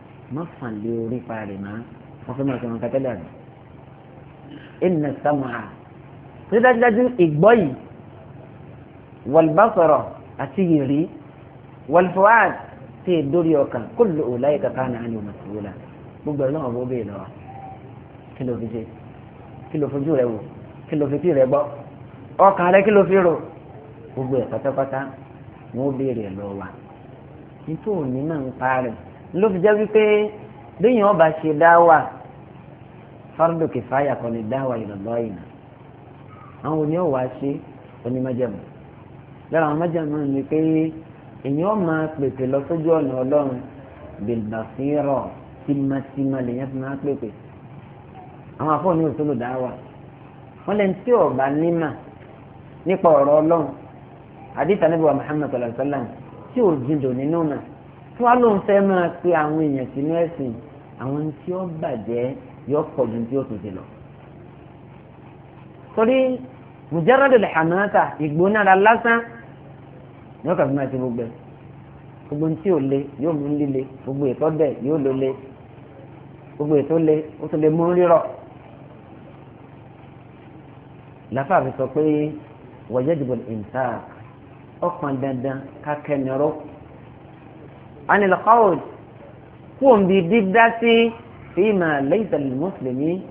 má fàn lé orí parí má wọ́n fẹ́ máa sọ nǹkan tẹ́lẹ̀ àná. ìnà sàmùhà tó dájúdájú ìgbọ́ yìí wàlbásọ̀rọ̀ àti yìrì wàlfọ́àd tí è dórí ọkàn kó lò ó láyé kankan náà ni òmà tìwó la gbogbo ẹ̀ lọ́wọ́ bó bèè lọ́wọ́ kí ló fi ṣe kí ló fojú rẹ wò kí ló fi tí rẹ gbọ́ ọkàn rẹ kí ló fi rò gbogbo ẹ̀ pátápátá wọ́n bèèrè lọ́wọ́ nítorí òní náà ń parí ló fi jẹ́ wípé lẹ́yìn ọba ṣe dáwà fardu kìfáyà kan ní dáwà ìrànlọ́ ìnà àwọn òní ò wá ṣe onímọ̀jẹ̀mù lára àwọn mọ̀jẹ̀mù ni pé èyí ó máa pèpè lọ sójú ọ̀nà ọlọ́run bilbasirọ̀ tìmọ̀tìmọ̀ lèyàn fi máa pèpè àwọn afọ́ ní òṣèlú dáwà wọ́n lẹ́ni tí ọ̀bà nímà nípa ọ̀rọ̀ ọlọ́run àdìtà níbi wa Muhammad sallallahu alaihi wasallam tí ò jìndò nínú náà tí wọ́n lóun fẹ́ máa pe àwọn èèyàn sínú ẹ̀sìn àwọn tí ó bàjẹ́ yóò pọ̀ ju tí ó tún ti lọ. torí mujarrad al-hamata ìgbónára lásán yóò kàbí máa ti gbogbo ẹ̀ gbogbo tí ò le yóò mú líle gbogbo ètò dẹ̀ yóò lò le gbogbo ètò le ó tún lè mú rírọ̀ láfàá fi sọ pé wọ́n yẹ́ dìbò ìntà ọkàn dandan kákẹ́ ni anil qawl قوم bí فيما ليس fíìmà laysa lil muslimi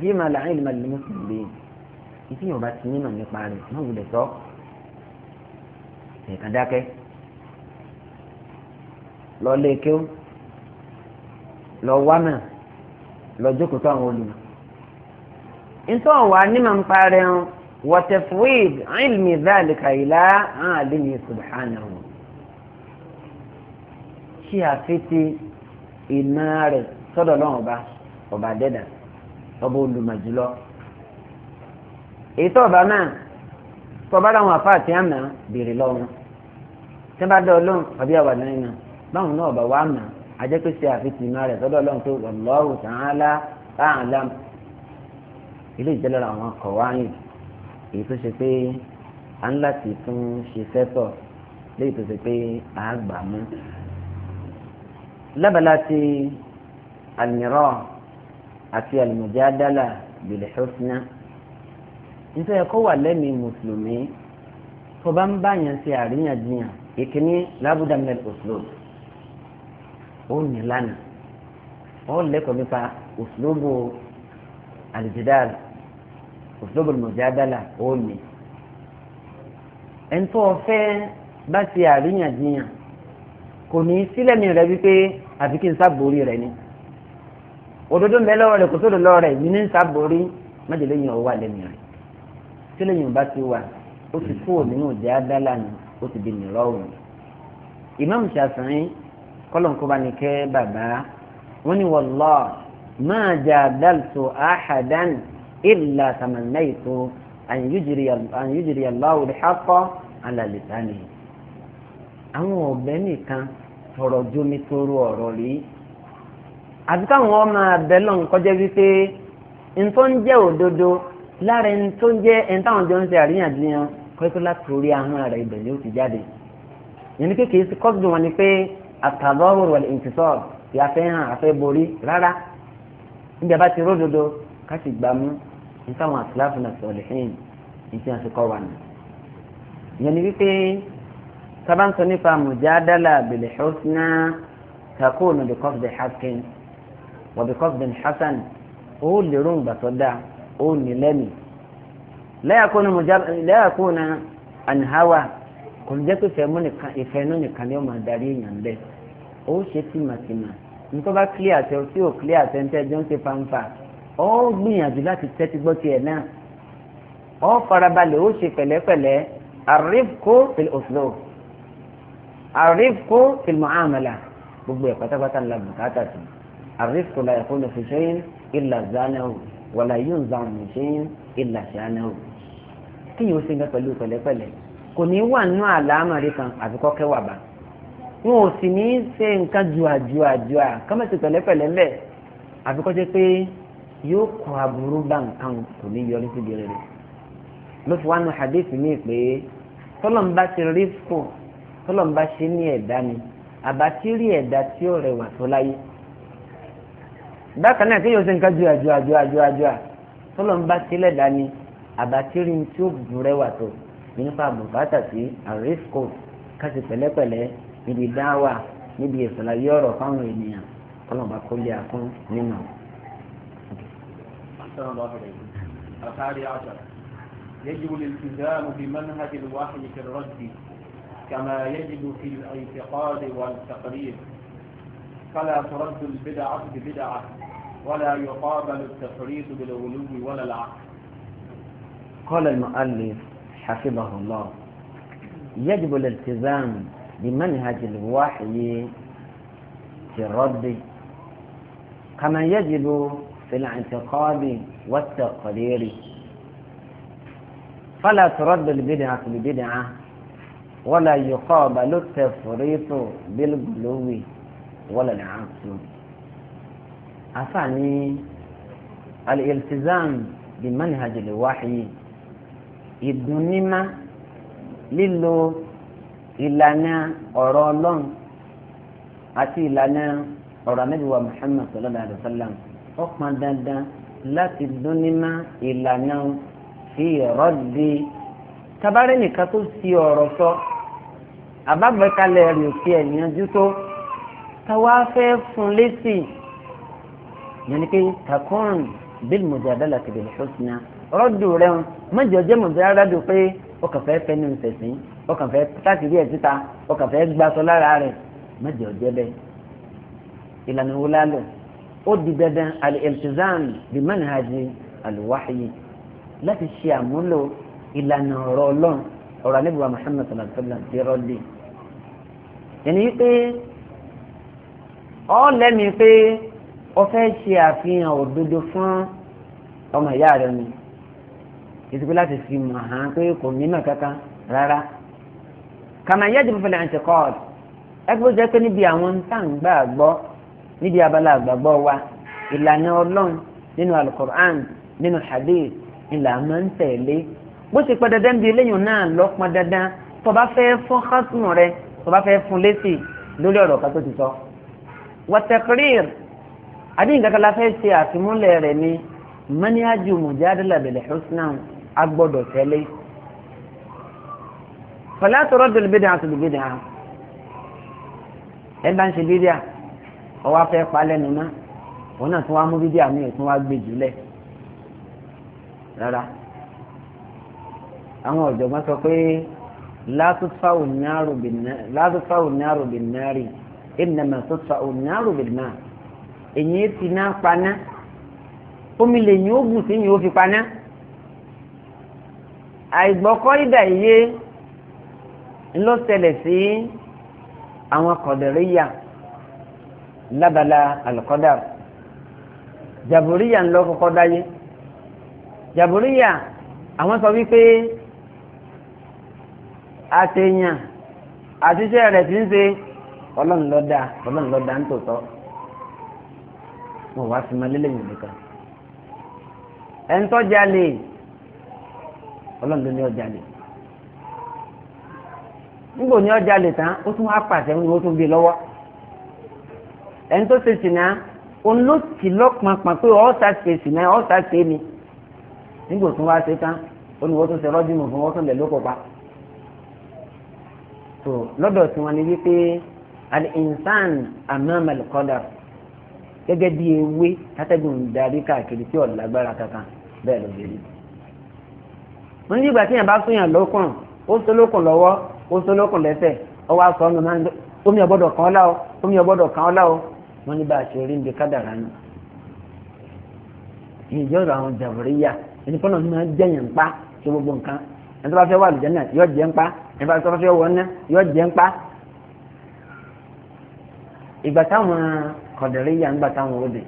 fíìmà la ilma lil muslimi ìtì yóò bá ti nímọ̀ nípa rẹ̀ náà wùdẹ̀ sọ ẹ̀kan dákẹ́ lọ lé kí ó lọ wámẹ̀ lọ jókòó tó àwọn olùmọ̀ ntọ́ wa nímọ̀ nípa rẹ̀ wọ́tẹ̀fúwìd ilmi dhalika ila alimi subhanahu ṣe àfitì iná rẹ̀ sọ́dọ̀ náà ọba ọba dẹ́dà ọba olùmọ̀jùlọ. èyí tó ọba náà tọba làwọn afáàtì àmà béèrè lọ́wọ́ tí wọ́n bá dọ̀ ọlọ́run àbí àwọn àdáyé náà báwọn náà ọba wà àmà àjẹpẹ́ ṣe àfitì iná rẹ̀ sọ́dọ̀ ọlọ́run pé wallahu ta'ala a'lam ilé ìjẹ́lẹ̀ àwọn kọ̀wáyìn èyí tó ṣe pé à ń láti tún ṣe fẹ́tọ̀ léyìí tó ṣe pé àá gbà mú lábala ti almirah àti almujadala bilhusna nítorí ẹ̀kọ́ wà lẹ́mìí mùsùlùmí tó bá ń báyàn ṣe àríyànjiyàn ìkíní lábúdà minal uslub ó ní lánàá ó lẹ́kọ̀ọ́ nípa uslubu aljidal uslubu almujadala ó ní ẹ̀ńtọ́ fẹ́ bá ṣe àríyànjiyàn kò ní sílẹ̀ mi rẹ̀ wípé àfi kí n sábòrí rẹ̀ ni òdodo ń bẹ lọ́wọ́ rẹ̀ kò sódò lọ́wọ́ rẹ̀ mi ní sábòrí májèlé yìí ọ̀wọ́ àlẹ́ mi rẹ̀ sílẹ̀ yìí bá ti wà ó ti kúrò nínú ìjà dálà ni ó ti di mìíràn òun Imam kọ́lọ̀nkọ́ba ni kẹ́ bàbá wọ́n ní wallahi ma jadaltu ahadan illa tamannaytu an yujri Allahu al-haqqa àwọn ọ̀bẹ nìkan tọrọ jómi tóró ọ̀rọ̀ rí àti káwọn ọmọ abẹ lọ́n kọjá wípé ntọ́ ń jẹ́ òdodo lára ntọ́ ń jẹ́ ntáwọn jọ ń ṣe àríyànjiyàn kọ́kọ́ látòrí àwọn ará ibẹ̀ ni ó ti jáde yẹn kékeré sí kọ́sìdì wọn ni pé àtàbọ̀wòrò ìtìsọ́ ti àfẹ́hàn àfẹ́borí rárá níbi àbá ti ródodo ká sì gbà mú ntáwọn àtìláfínà sọ̀rọ̀ ẹ̀hìn ìtì àti kọ́ wa nù ni wípé sábàǹsọ nípa mùjádàlà bil husna takunu bi qasdi haqqin wa bi qasdin hasan ó lérò ńgbà tó dáa ó ní lẹ́mì lẹ́yàkúnà àníháwà kò ní jẹ́ pé ìfẹ́nú nìkan ni ó máa darí èèyàn bẹ́ẹ̀ ó ṣe tìmàtìmà nítorí bá clear àtẹ tí ò clear àtẹ níta ẹjọ́ ń ṣe fanfa ó gbìyànjú láti tẹ́tí gbọ́ tiẹ̀ náà ó farabalẹ̀ ó ṣe pẹ̀lẹ́pẹ̀lẹ́ àrífkó fil uslub الرفق في المعاملة بقول قطعة لا بكاتة الرفق لا يكون في شيء إلا زانه ولا ينزع من شيء إلا شانه kí yóò ṣe ń bẹ pẹ̀lú pẹ̀lẹ́pẹ̀lẹ́ kò ní wà nínú àlámọ̀rí kan àfi kọ́kẹ́ wà bá wọn ò sì ní ṣe nǹkan jùà jùà jùà kọ́mẹ̀tì pẹ̀lẹ́pẹ̀lẹ́ ń bẹ àfi kọ́ jẹ́ pé yóò kọ́ aburú bá nǹkan kò ní yọrí síbi rere ló fi hadith mi pé tọ́lọ́mbà ti rí fún tọ́lọ́n bá ṣe ní ẹ̀dá ni àbátírí ẹ̀dá tí ó rẹwà tó láyé bákan náà kéèyàn ṣe nǹkan ju àjọ àjọ àjọ àjọ à tọ́lọ́n bá ṣe lẹ́dá ni àbátírí tí ó dùn rẹwà tó nípa bùkátà sí àrísíkò kásì pẹ̀lẹ́pẹ̀lẹ́ níbi dáwà níbi ìsọ̀láyé ọ̀rọ̀ fáwọn ènìyàn tọ́lọ́n bá kó lé akún nínú. يجب الالتزام بمنهج الواحد في الرد كما يجب في الاعتقاد والتقرير فلا ترد البدعة ببدعة ولا يقابل التفريط بالغلو ولا العقل قال المؤلف حفظه الله يجب الالتزام بمنهج الوحي في الرد كما يجب في الاعتقاد والتقرير فلا ترد البدعة ببدعة wala yuqabalu tafritu bil guluwi wala al-'aqsu àfààní al-iltizam bi manhaj al-wahyi ìdùnnímá lílo ìlànà ọ̀rọ̀ ọlọ́run àti ìlànà ọ̀rọ̀ anábìwá Muhammad sallallahu alayhi wa sallam ó pọn dandan láti dúnnímá ìlànà fi rọ́ọ̀dì tabarẹ́ nìkan tó fi ọ̀rọ̀ sọ àbábẹ́kalẹ̀ rẹ̀ fi ẹ̀yànjú tó táwa fẹ́ fún lésì yẹn pé takọ́rùn bíl mujadala kìdìl husna rọ́dù rẹ̀ ń mọ́jọ jẹ́ mọ̀jàdálà pé ọkàn fẹ́ fẹ́ ní ìfẹ̀sìn ọkàn fẹ́ láti rí ẹ̀ síta ọkàn fẹ́ gbàsọ lára rẹ̀ mọ́jọ jẹ́ ìlànà wo lálẹ́ ó di dandan al-iltizam bi manhaji al láti ṣe àmúlò ìlànà ọ̀rọ̀ ọlọ́run ọ̀rọ̀ alẹ́bùwà Muhammad sallallahu alayhi wa sallam ti rọ́ọ̀dì. ẹni pé ọ lẹ́mi pé ọ fẹ́ ṣe àfihàn òdodo fún ọmọ ìyá rẹ ni ìsìnkú láti fi mọ̀ hàn pé kò nímọ̀ kankan rárá. kàmá yẹ́dì fúnfẹ́ lẹ́yìn ti kọ́ ọ̀ ẹgbẹ́ jẹ́ pé níbi àwọn táǹgbà gbọ́ níbi abala àgbàgbọ́ wa ìlànà ọlọ́run nínú alukur'an nínú hadith ìlànà ń tẹ̀lé bó ṣe pẹ́ dandan bíi eléyìí náà lọ pọn dandan tó bá fẹ́ fún hasmu rẹ tó bá fẹ́ fún lẹ́sì lórí ọ̀rọ̀ kan tó ti sọ. wàtẹ́kìrìr àdéhùn kankan la fẹ́ ṣe àfimúnlẹ̀ rẹ̀ ni mẹ́níájú mùjáàdìlà bẹ̀lẹ̀ húsnà agbọ́dọ̀ tẹ́lẹ̀. fala turaddu al-bid'atu àti ẹ bá ń ṣe bídíà ọwọ́ afẹ́ pa lẹ́nu náà wọn náà tún wá mú bídíà mi ò tún wá gbé jùlẹ̀ rárá àwọn ọ̀jọ̀gbọ́n sọ pé látúfà ònàrò bìnnárì ìnàmà túfà ònàrò bìnnà èyí ti náà paná omi lè yín ó gùn sí yín ó fi paná àìgbọ́kọ́ ìdà iye ló ṣẹlẹ̀ sí àwọn kọ̀dẹ̀ríyà lábala àlùkọ́dà jàbúríyà ńlọ kọ́kọ́ dáyé jàbúríyà àwọn sọ wípé àtẹ̀yàn àtiṣẹ́ rẹ̀ ti ń ṣe ọlọ́run ló dá ọlọ́run ló dá ń tòótọ́ wọn wá sí ma lélẹ́yìn nìkan ẹni tó jalè ọlọ́run ló ní ó jalè nígbò ní ó jalè tán ó tún wá pàṣẹ ó tún gbé lọ́wọ́ ẹni tó ṣe sìnà òun ló tì lọ́pọ̀npọ̀n pé ọ̀ọ́ta ṣe sìnà ọ̀ọ́ta ṣe ni nígbò tún wá ṣe tán ó ní wọ́n tún ṣe rọ́dìmù fún wọ́n tún lè lóko pa so lọ́dọ̀ tí wọ́n ní wípé al-insan amama al-qadar gẹ́gẹ́ bí ewé tátẹ́gùn darí káàkiri tí ọ̀lágbára kankan bẹ́ẹ̀ ló lè rí. wọ́n ní ìgbà tí yẹn bá sún yàn lókùn ó sún lókùn lọ́wọ́ ó sún lókùn lẹ́sẹ̀ ó wá sọ ọ́nà máa ń omi ọ̀gbọ́dọ̀ kan ọ́ láwọ́ omi ọ̀gbọ́dọ̀ kan ọ́ láwọ́ wọ́n ní bá a ṣe rí níbi kádàrá nù. ìjọba àwọn jàbùrẹ́yà ẹni fọ́nà máa ń jẹ́yàn pa ṣe gbogbo nǹkan ẹni tó bá fẹ́ wà lùjẹ́ náà yọ jẹ́ ń nígbà tó fẹ́ wọ ná yọ jẹ́ ń pa ìgbà táwọn kọ̀dẹ̀rẹ́ yà ń gbà táwọn òde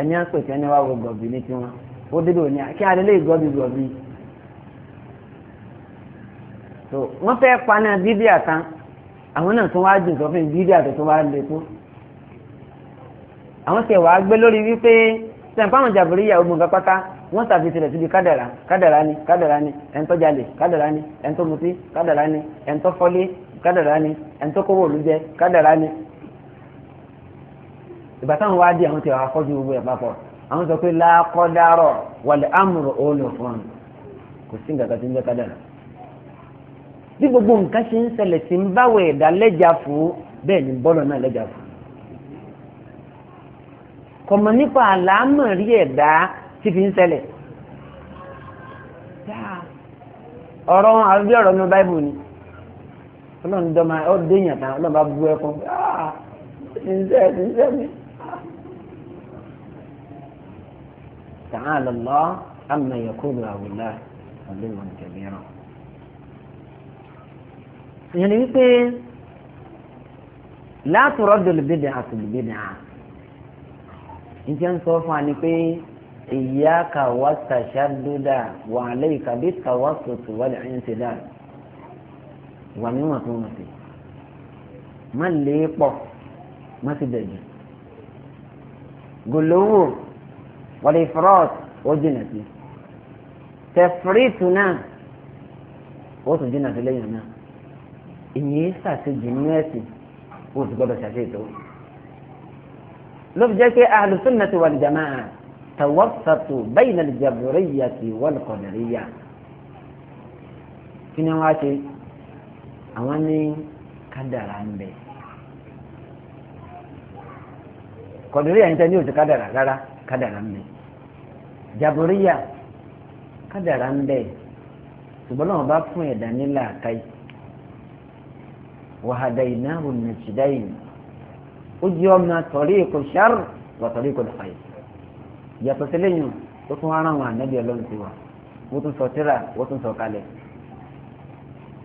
ẹni á pèsè ẹni wá wo gọ̀bì ní tiwọn ó débi òní kí adé lè gọ́bì gọ̀bì so wọ́n fẹ́ paná bíbí àtàn àwọn náà tún wáá jùn sọ́fìn bíbí àtàn tó wáá lè kú àwọn tẹ̀ wá gbé lórí wípé sẹ̀ǹpá jàbúrí yà ogun kápátá wọ́n tàbí tilẹ̀ síbi kádàrá kádàrá ni kádàrá ni ẹ̀ńtọ́ jalè kádàrá ni ẹ̀ńtọ́ mutí kádàrá ni ẹ̀ńtọ́ fọ́lé kádàrá ni ẹ̀ńtọ́ kówó olùjẹ kádàrá ni. ìgbà táwọn wá dé àwọn tí wàá fọ́jú gbogbo ẹ̀ papọ̀ àwọn sọ pé lákọ́dárọ̀ wàlẹ̀ amúrò olùfọ́n kò sí nǹkan kan tí ń jẹ́ kádàrá. bí gbogbo nǹkan ṣe ń ṣẹlẹ̀ sí ń báwọ̀ ẹ̀dá lẹ́jà fún bẹ́ẹ̀ ni bọ́lọ̀ náà lẹ́jà fún kọ̀mọ̀ nípa àlámọ̀rí ẹ̀dá tí fi ń ṣẹlẹ̀ ọ̀rọ̀ wọn àbí ọ̀rọ̀ ní báíbù ni ọlọ́run dọ́mà ó déyàn tán ọlọ́run bá bu ẹkún ṣiṣẹ́ ah, ṣiṣẹ́ mi. تعالى الله عما يقول هؤلاء علوا كبيرا يعني wípé لا ترد البدعة بالبدعة ǹjẹ́ ń sọ fún wa ni pé إياك والتشدد وعليك بالتوسط والانسداد ومما تنسي ما اللي يقف ما تدري قلوه والإفراط وجنتي تفريطنا وصل جنة لينا إني ساسي جناتي وصل قدر شاشيته لو جاكي أهل السنة والجماعة tawasatu bayna al-jabriyyati wal-qadariyyah kí ni wọ́n á ṣe àwọn ní kádàrà ń bẹ kọ̀dùríyà níta ní òsì kádàrà rárá kádàrà ń bẹ jabriyyah kádàrà ń bẹ ṣùgbọ́n náà bá fún ẹ̀dá nílà àkáyì wahadaynahu an-najdayn ó jẹ́ ọmọ tariqu ash-sharr wa tariqu al-khayr yàtọ̀ sí lẹ́yìn ó tún wá rán àwọn ànábì ọlọ́run sí wa wọ́n tún sọ tíra wọ́n tún sọ kalẹ̀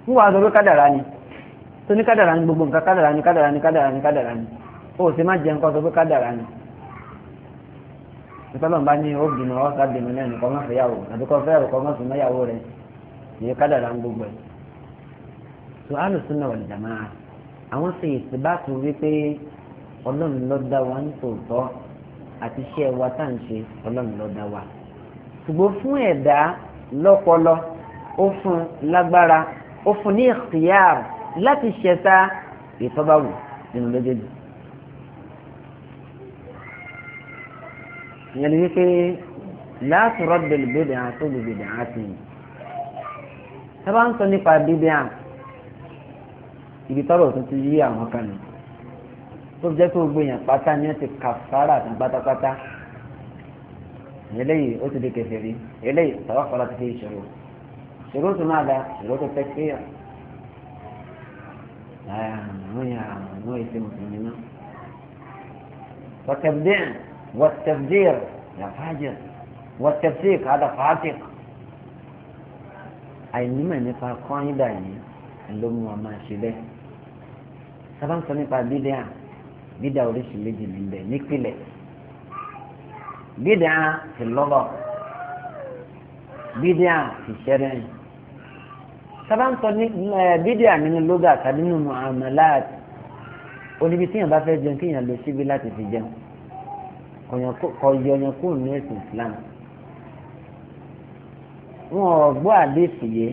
ń wàá sọ pé kádàrá ni tó ní kádàrá ni gbogbo nǹkan kádàrá ni kádàrá ni kádàrá ni kádàrá ni ó sì má jẹun kọ́ sọ pé kádàrá ni ìtọ́lọ́n ó, ní obìnrin ọ̀ sábìnrin náà nìkan má fẹ́yàwó àti kọ́ fẹ́yàwó kọ́ má sùn mẹ́yàwó rẹ̀ ìyẹn kádàrá ń gbogbo ẹ̀. tó alùsùn náà wal jamaa àwọn sì ìsìbá tó wípé ọlọ́run ló dá wa ń tòótọ́ àti iṣẹ́ wa tá à ń ṣe ọlọ́run ló dá wa ṣùgbọ́n fún ẹ̀dá lọ́pọlọ ó fún lágbára ó fún ní ìkìyàr láti ṣẹta ìtọ́báwò nínú méjèèjì. ìyẹn ni wípé láti rọ́bìlì bèbè àti olùbèbè àti yìí sábà ń sọ nípa bíbí à ibi tọ́rọ̀ tó ti yí àwọn kan nìyí tó jẹ́ tó gbìyàn pátá ni ó ti kàfàrà tán pátápátá eléyìí ó ti di kèfèrí eléyìí tàwa kọ́lá ti fi ìṣòro ìṣòro tó máa da ìṣòro tó fẹ́ kéèyà àwọn yàrá àwọn èsì mùsùlùmí náà وتبديع والتبدير يا فاجر والتفسيق هذا فاسق àìní mọ̀ nípa kọ́ńdà yìí ló mú wa máa ṣe bẹ́ẹ̀ bídà oríṣi méjì ní bẹ nípìnlẹ̀ bídà ti lọ́lọ́ bídà ti ṣẹ́rẹ́ sábà ń sọ ní bídà nínú lóga tàbí nínú amalat oníbi tíyàn bá fẹ́ jẹun kíyàn lọ síbi láti fi jẹun kọ̀yọ̀yàn kúrò ní ẹ̀sìn Islam wọn ò gbọ́ àdéhùn yé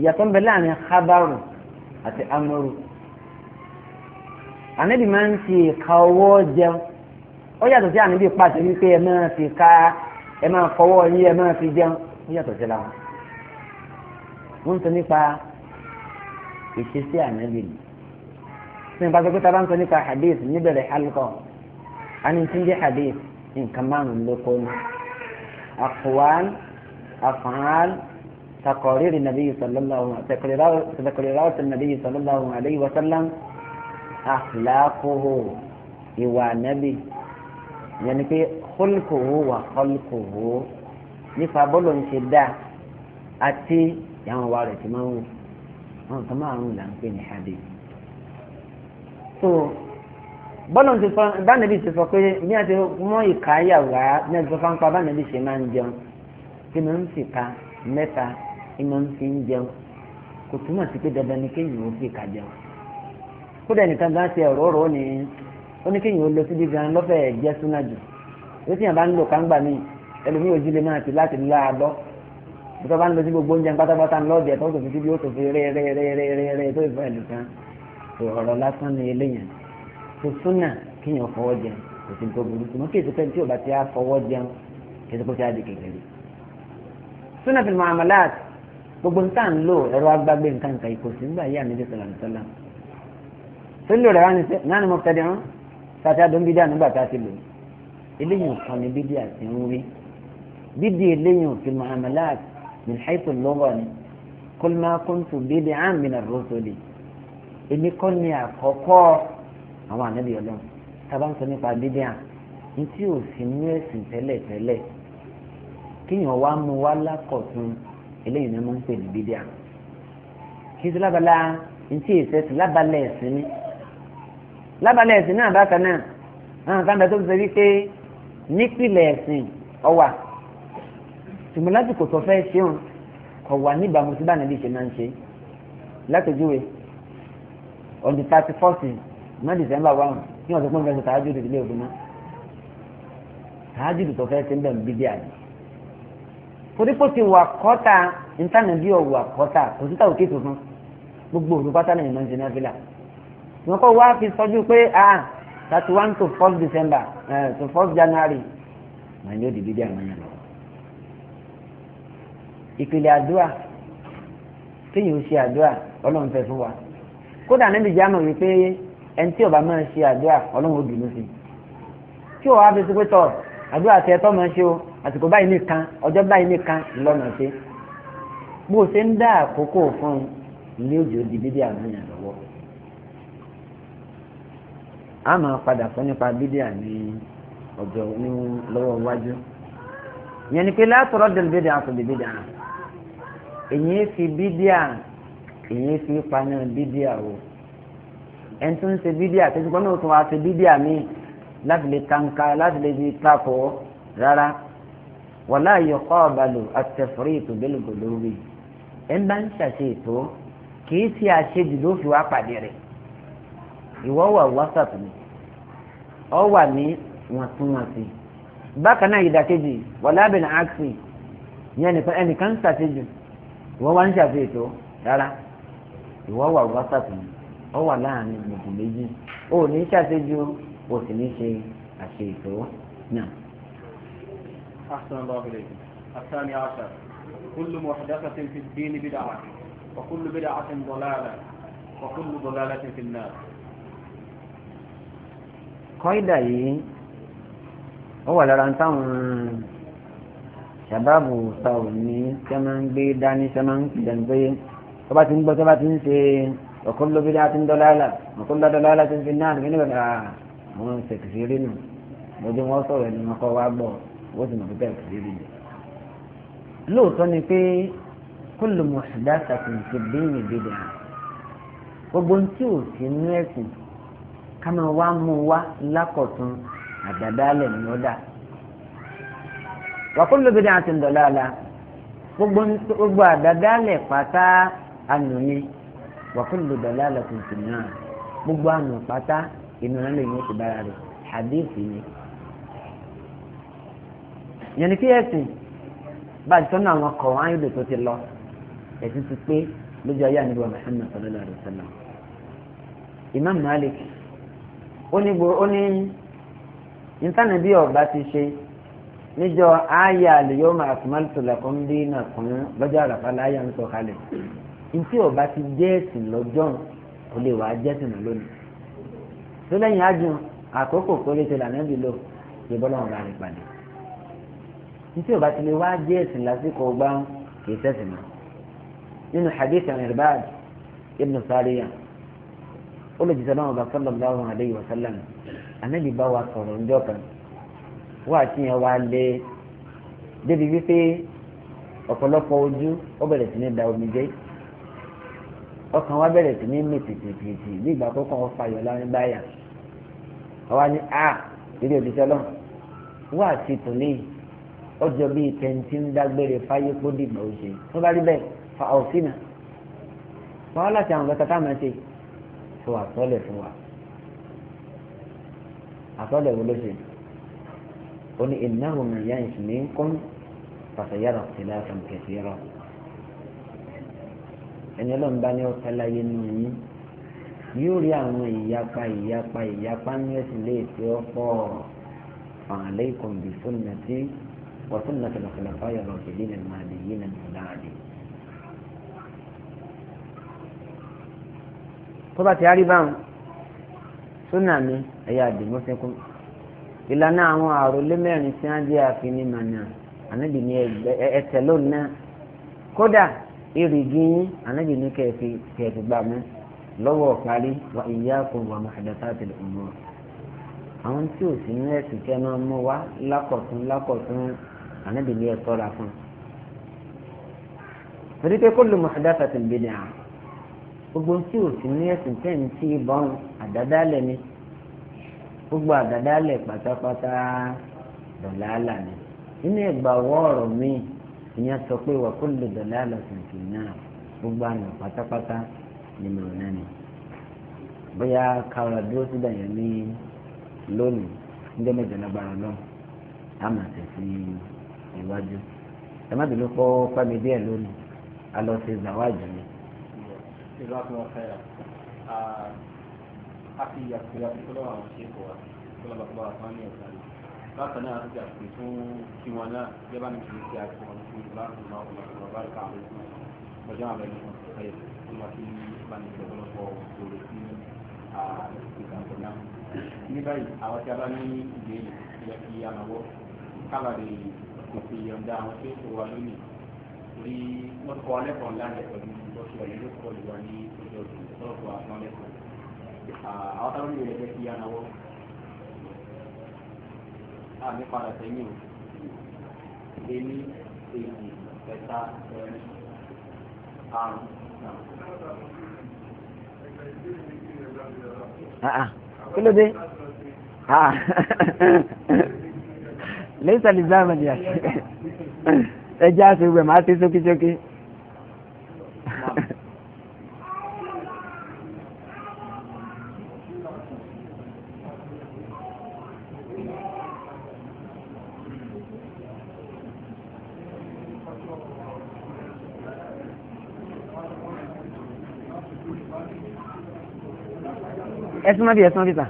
ìyàtọ̀ ń bẹ láàrin habaru àti amọ́rù ànábì máa ń fi ìka ọwọ́ jẹun ó yàtọ̀ sí ànábì pàṣẹ wípé ẹ máa fi ká ẹ máa fọwọ́ yín ẹ máa fi jẹun ó yàtọ̀ sí làwọn. wọ́n ń sọ nípa ìṣesí ànábì ni tí n bá sọ bá ń sọ nípa hadith níbẹ̀rẹ̀ alukọ àní tí ń jẹ́ hadith nǹkan márùn-ún ló kó ní àkùwán àfààní. تقارير النبي صلى الله تقريرات النبي صلى الله عليه وسلم akhlaquhu ìwà ànábì ìyẹn ni pé khulquhu wà khulquhu nípa bọ́ọ̀lù ń ṣe dáa àti ìyàwó wa rẹ̀ ti máa ń wù àwọn kan máa ń wù là ń pè ní hadith. so bọ́ọ̀lù ti sọ bánàbí ti sọ pé bí a ti mọ ìka yàwá bí a ti sọ fáńpá bánàbí ṣe máa ń jẹun tí mo ń fi ka mẹ́ta tí mo ń fi ń jẹun kò túmọ̀ sí pé dandan ni kéèyàn ó fi ka jẹun kódà nìkan bá ti ọ̀rọ̀ ọ̀rọ̀ ni ó ní kéèyàn ó lọ síbi gan lọ́fẹ̀ẹ́ jẹ́ súnà jù ó sì yàn bá ń lò kángbà mí ẹlòmíì ò jílé máa ti láti lá a lọ nígbà bá ń lọ sí gbogbo oúnjẹ pátápátá lọ́ọ̀dẹ̀ tó tó fi síbi ó tó fi rẹ́ rẹ́ rẹ́ rẹ́ rẹ́ rẹ́ tó ìfọ̀ ẹ̀lú kan ọ̀rọ̀ lásán ni eléyàn tó súnà kéèyàn fọwọ́ jẹ kò sí nǹkan burúkú mọ́ kí èso pẹ́ni tí ò bá ti á fọwọ́ jẹun kí èso pé ti á di kékeré súnà fil muamalat gbogbo nǹkan tó lò rẹ̀ wá ní sẹ́ náà ni mo fẹ́ di rán tàti àdó ń bídíà nígbà tá a ti lò ní eléyìí nǹkan ni bídíà ti ń wí bídí eléyìí òfin muamalat min haythu lugha ni kul ma kuntu bid'an min ar-rusuli èmi kọ́ ni àkọ́kọ́ àwọn ànábì ọlọ́run tábà ń sọ nípa bídíà ní tí ò sí ní ẹ̀sìn tẹ́lẹ̀ tẹ́lẹ̀ kíyàn wá mú wá lákọ̀tún eléyìí ni wọ́n ń pè ní bídíà kí sí lábala ní tí èsẹ̀ sí lábala ẹ̀sìn ni lábàlẹ̀ ẹ̀sìn náà bákan náà àwọn kan bẹ tó ṣe wípé nípìnlẹ̀ ẹ̀sìn ọwà ṣùgbọ́n láti kò sọ fẹ́ ṣeun kò wà níbàámu sí báyìí ṣe máa ń ṣe látòjúwe on the thirty first ní december one kí wọ́n sọ pé nǹkan tààjú ìdílé ilé ògùn náà tààjú ìdìtò fẹ́ ṣe ń bẹ̀ ń bíbí ti wà kọ́ta ìtànà bí ọ̀wà kọ́ta kò síta òkè tuntun gbogbo òru pátá náà ìmọ̀ ń ṣe náà fi wọn kọ́ wá fi sọ́jú pé ah thirty one to fourth december uh, to fourth january màá ní òdìbí dí àwọn yàrá ìpìlẹ̀ àdúrà kéèyàn ó ṣe àdúrà ọlọ́run fẹ́ fún wa kódà níbi jáàmù wípé ẹni tí ó bá máa ṣe àdúrà ọlọ́run ó dùnú sí tí òwò àfi sípé tọ̀ àdúrà tẹ tọ́ máa ṣe o àsìkò báyìí nìkan ọjọ́ báyìí nìkan lọ́nà ṣe bó o ṣe ń dá àkókò fún un ilé òjò di bíbí àwọn yàrá a máa padà sọ nípa bídíà ní ọjọ́ ní lọ́wọ́ iwájú yẹn ni pé látọ̀rọ̀ dẹ̀lú bídíà kò dé bídíà èyí fi bídíà èyí fi paná bídíà o ẹni tó ń ṣe bídíà tẹ́sígbọ́n náà tún wá ṣe bídíà míì láti lè kàǹkà láti lè fi takò rárá wàlá yọkọ́ ọ̀bàlù àtẹ̀fọ́rí ètò bẹ́lẹ̀gò lórí ẹ̀ ń bá ń ṣàṣe ètò kìí ṣe àṣejù ló fi wá pàdé rẹ̀ ìwọ́ wà wásàtù ni ọ wà ní wọ̀ntúnwọ̀nsì bákan náà ìdàkejì wọ̀lábìn àksì yẹn nìkan ẹnìkan ń ṣàṣejù ìwọ wá ń ṣàfihàn rárá ìwọ wà wọ́sàtì ọ wà láàrin gbogbo méjì ó ní ṣàṣejù ó sì ní ṣe àṣeyìtò náà. أحسن الله الثاني عشر كل محدثة في الدين بدعة وكل بدعة ضلالة وكل ضلالة في النار kọ́ìdà yìí ó wà lára táwọn ṣàbábù sàwọn ní ṣe máa ń gbé dání ṣe máa ń pìlẹ̀ pé tó bá ti ń gbọ́ tó bá ti ń ṣe ọ̀kọ́lọ́ bí dáa ti ń dọ́lálà ọ̀kọ́lọ́ dọ́lálà ti ń fi náà nígbà nígbà àwọn ṣèkìsì rí nù lójú wọn sọ̀rọ̀ ẹni wọn kọ́ wá gbọ́ wọ́n sì mọ̀ pé bẹ́ẹ̀ rí nù. lóòótọ́ ni pé kullu muhdathatin fid-dini kama wá mú wá lákọ̀tún àdàdálẹ̀ ní ó dà wàkúlù bídà àti ndọ̀láàlà gbogbo àdàdálẹ̀ pátá ànú ni wàkúlù dọ̀láàlà tuntun náà gbogbo ànú pátá ìnura lè yóò ti bára rẹ̀ hadithi ni. yẹn ni kí ẹ̀sìn bá a ti sọ́nà àwọn ọkọ̀ ayédè ti lọ ẹ̀sìn ti pé lójú ayé àníbọ̀ Muhammad sallallahu alayhi wa Imam Malik onígbò oní ìtànàbí ọba ti ṣe níjọ àyà àlèyọ máa kùmà tòlákọ ń dín náà kùn lọ́jọ́ àràfà láyà ń sọ̀kalẹ̀ ntí ọba ti jẹ́ ẹ̀sìn lọ́jọ́ kò lè wàá jẹ́ ẹ̀sìn lónìí tó lẹ́yìn ajùn àkókò péréte lànàbí lò lè bọ́ lọ́wọ́ bá rẹ̀ padà ntí ọba ti lè wàá jẹ́ lásìkò ọgbà kì í sẹ́sìn náà nínú hadith Irbad ibn Sariya olùjíṣẹ́ náà ọba sallallahu alayhi wa sallam ànábì bá wa sọ̀rọ̀ ńjọ́ kan wọ́n àti yẹn wá lé débi wípé ọ̀pọ̀lọpọ̀ ojú ó bẹ̀rẹ̀ sí ní da omi jẹ́ ọkàn wa bẹ̀rẹ̀ sí ní mì pìtìpìtì ní ìgbà tó kàn fàyọ̀ lárin báyà àwa ni a ah, ìdí òjíṣẹ́ náà wọ́n àti tòní ọjọ́ bíi tẹ̀ǹtì ń dágbére fáyé kó dìgbà ó ṣe wọ́n bá rí bẹ́ẹ̀ fa ọ̀sìn náà wọ́n láti àwọn kẹta táwọn máa ṣe sọ àtọ́lẹ̀ fún wa àtọ́lẹ̀ wo ló ṣe ó ní innahum minkum fàṣẹyàrá tìlá fún kẹsìyàrá ẹni ọlọ́run bá ní ọ̀sẹ̀ láyé nínú yín yóò rí àwọn ìyapa ìyapa ìyapa ní ẹ̀sìn lè fi ọ́ pọ̀ fa'alaykum bi sunnati wa sunnati al-khulafa'ir-rashidin al-mahdiyyin al-muda'in. tó bá ti rárí báwọn súnà mi ẹ̀yà àdìmọ́ fẹ́kún ìlànà àwọn àròlé mẹ́rin tí wọ́n jẹ́ àfihàn mànà ànábì ní ẹ̀tẹ̀ lónìí náà kódà ìrìgì yín ànábì ní kẹ̀fì kẹ̀fì gbà mú lọ́wọ́ parí wa iyyakum wa muhdathatil umur àwọn tí ò sí ní ẹ̀sìn kẹ́ máa mú wá lákọ̀tún ànábì ní ẹ̀ tọ́ra fún un. torí pé kullu muhdathatin bid'ah gbogbo tí ò sí ní ẹ̀sìn tẹ̀ǹtì ìbọn àdádálẹ̀ ni gbogbo àdádálẹ̀ pátápátá dọ̀làálà ni nínú ìgbàwọ́ ọ̀rọ̀ mi ìyẹn sọ pé wà kó lè dọ̀làálà tuntun náà gbogbo àná pátápátá nínú náà ni bóyá kára dúró sí dàyẹ̀ ní lónìí níjọ́ méjì lágbára náà á mà tẹ̀sí ìwájú ẹ má dúró pọ́ pàmì díẹ̀ lónìí a lọ sí ìzàwájú ni ìlànà ọ̀fẹ́ àti ìyàkùyà tó lọ́wọ́ àwọn ṣe kọ̀ wá tó lọ́wọ́ bàbá wa fún ní ọ̀gá rẹ̀ bákan náà àti àpè tó kí wọn náà yẹ́bà ní kìí ṣe àti wọn fún ìlú láti máa wọn àti wọn bá rí káàmù fún ọjọ́ àwọn ẹni wọn ti fẹ́ tí wọ́n ti bá ní ìṣọ̀lọ́pọ̀ òṣèré sí ìgbàgbọ́ náà. ní báyìí oṣù ọ̀yẹ́ ló pọ̀ jù wá ní ọjọ́ ọdún lọ́ọ̀kọ́ àwọn ẹ̀kọ́ àwọn táwọn ènìyàn jẹ́ kí yanáwó àmì padà sẹ́yìn o èmi èyí ẹ̀ta ẹ̀rin àrùn náà. Ah, ah. kí ló dé? Ah. lẹ́yìn ẹsùn mọ́tì ẹsùn mọ́tì sà.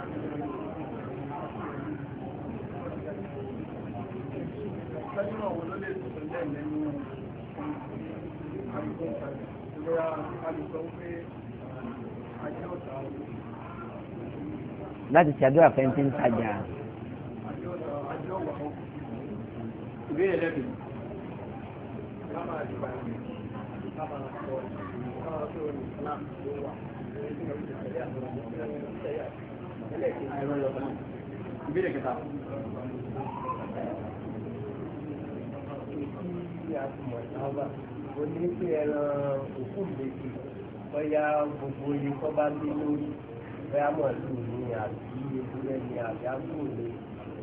láti ṣàdúrà fẹ́ntì ń tajà. Ìbéèrè kẹta. tí a ti mọ̀ sábà oníṣẹ́ ẹran òkú ìgbésí bóyá gbogbo yìí kọ́ bá lé lórí bẹ́ẹ̀ mọ̀lú ni àbí ewúrẹ́ ni àbí àbúrò ni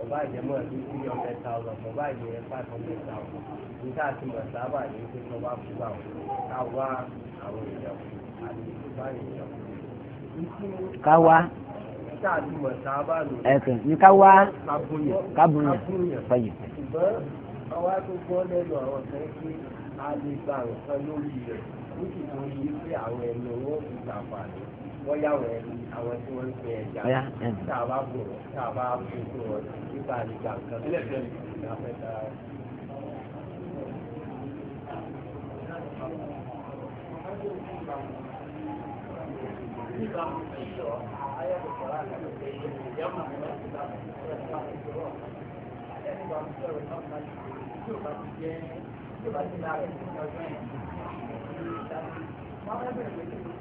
ọba ìjẹ́mọ̀ ní three hundred thousand ọba ìjẹ́ five hundred thousand ní káàkiri mọ̀ sábà ní pé kí ọba fún àwọn káwá àwọn èèyàn àti ìjọba èèyàn. káwá ẹ̀sìn ní káwá kábùnyàn fàyè. ṣùgbọ́n àwa tó gbọ́ lẹ́nu àwọn kan pé a lè gba nǹkan lórí rẹ̀ nítorí pé àwọn ẹ̀mí wọn fi gbà wọ́n yà wọ̀ ẹ̀rí àwọn tí wọ́n ń pè ẹ̀já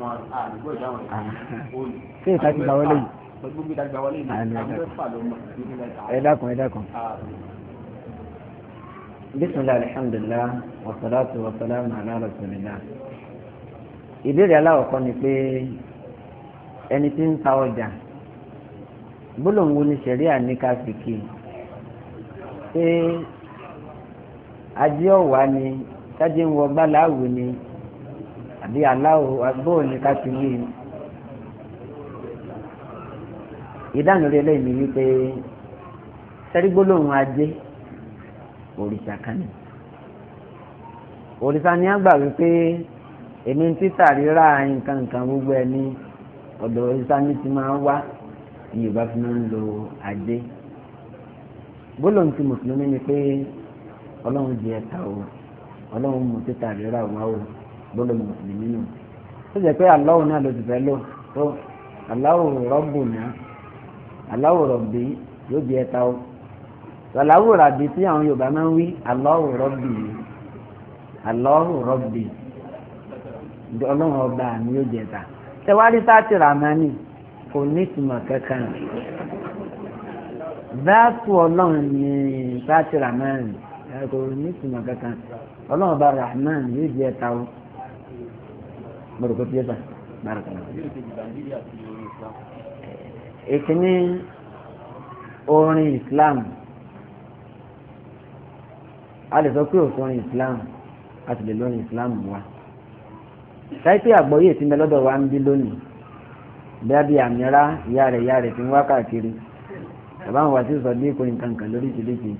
wọn àdúgbò ìdáhùn olè. Ah. ṣé ìta ti gbà wọlé yìí. gbogbo ìta gbà wọlé yìí ah, àwọn mẹ́fà ló mọ̀ ẹ dákun ẹ dákun. Ah. bisimilahi alhamdulilah wasalaatu wasalaamu ala rasulillah. ìbéèrè aláwọ̀kọ́ ni pé ẹni tí ń ta ọjà gbólóhùn wo sẹ̀ríà ní ká sì kí i ṣé ajé ọ̀wá ni ṣáájú ń wọ gbáláàwù ni àbí aláwo agbóhùn ni ká ti wí. ìdáhùn rẹ lẹ́yìn mi wípé sẹ́rígbólóhùn ajé òrìṣà kan ni òrìṣà ni a gbà wípé èmi ń títà rírà nǹkan nǹkan gbogbo ẹ ní ọ̀dọ̀ òrìṣà mi ti máa ń wá ní Yorùbá fi máa ń lo ajé gbólóhùn ti mùsùlùmí ni pé ọlọ́run jẹ ẹ̀ka o ọlọ́run mú títà rírà wá o gbọ́dọ̀ mùsùlùmí nù tó jẹ́ pé Allahu náà ló ti fẹ́ lò tó Allahu Rabbuna Allahu Rabbi yóò di ẹ̀ta o Allahu Rabbi tí àwọn Yorùbá máa ń wí Allahu Rabbi Allahu Rabbi ọlọ́run ọba mi yóò di ẹ̀ta tẹwárí sáàtì ramani kò ní ìtumọ̀ kankan dáàtú ọlọ́run ní sáàtì ramani kò ní ìtumọ̀ kankan ọlọ́run ọba ramani yóò di ẹ̀ta o mo rò pé fi ẹsà bára kan. ìkíní orin Islam a lè sọ pé òsùn orin Islam a sì lè lórin Islam wa táìpé àgbọ̀yé ti mẹ lọ́dọ̀ wa ń bí lónìí bẹ́ẹ̀ bí àmìrá ìyá rẹ̀ ìyá rẹ̀ ti ń wá káàkiri bàbá àwọn wàásù sọ bí ìkórè nǹkan kan lóríṣiríṣi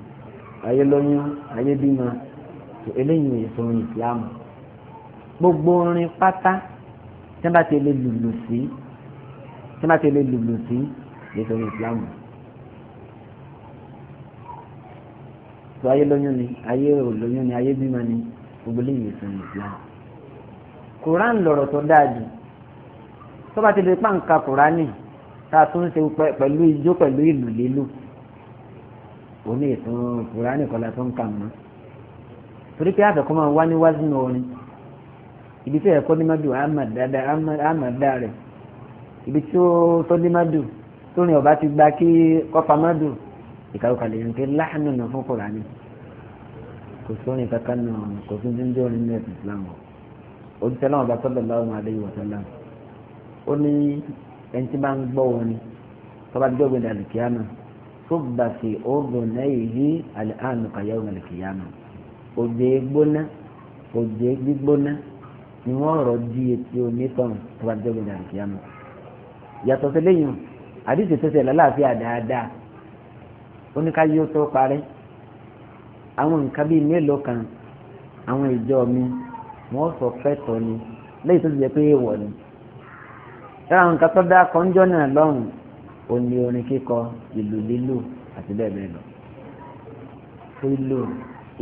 ayé lóyún ayé bímọ eléyìí èso orin Islam gbogbo orin pátá tí wọ́n bá ti lè lùlù sí tí wọ́n bá ti lè lùlù sí nítorí Islam. tó ayé lóyún ni ayé ò lóyún ni ayé bímọ ni gbogbo lè yẹ sọ Islam. Quran lọ̀rọ̀ tó dáa jù tó bá ti lè pàǹkà Quran tá a tún ṣe pẹ̀lú ijó pẹ̀lú ìlù lílù òní ìtàn Quran kọ́lá tó ń kà mọ́ torí pé àbẹ̀kọ́ máa wá ní ní orin ibi tí ẹ̀kọ́ nímàdù àmàdá rẹ̀ ibi tí ó tọ́ nímàdù tó rìn ọba ti gba kí kọ́fà màdù ìkàlùkàlẹ̀ yẹn kí láàánú nà fún Kùránì kò sórin kankan nà kò sí dídí orin ní ẹ̀sìn Islam o ó ti tẹ́lẹ̀ wọn bá tọ́lọ̀ láwọn àdéhùn ọ̀sán ó ní ẹni tí bá ń gbọ́ wọn ni tọ́ba dọ́gbìn dàlù kíámà tó gbà sí ọ̀gbọ̀n náà yìí àlẹ́ àánú òjò gbóná òjò gbígbóná ni wọ́n rọ̀ di etí onítàn tó bá dé ọgbẹ̀dẹ̀ àkíyàmọ̀ yàtọ̀ sí lẹ́yìn àdìsí tó ṣẹlẹ̀ láàfin àdáadáa oníkáyé tó parí àwọn nǹkan bíi mélòó kan àwọn ìjọ mi wọ́n sọ fẹ́tọ̀ ni lẹ́yìn tó ti jẹ́ pé èèwọ̀ ni lára àwọn nǹkan tó dá kọ́njọ́ náà lọ́rùn òní orin kíkọ ìlú lílù àti bẹ́ẹ̀ bẹ́ẹ̀ lọ. ìlú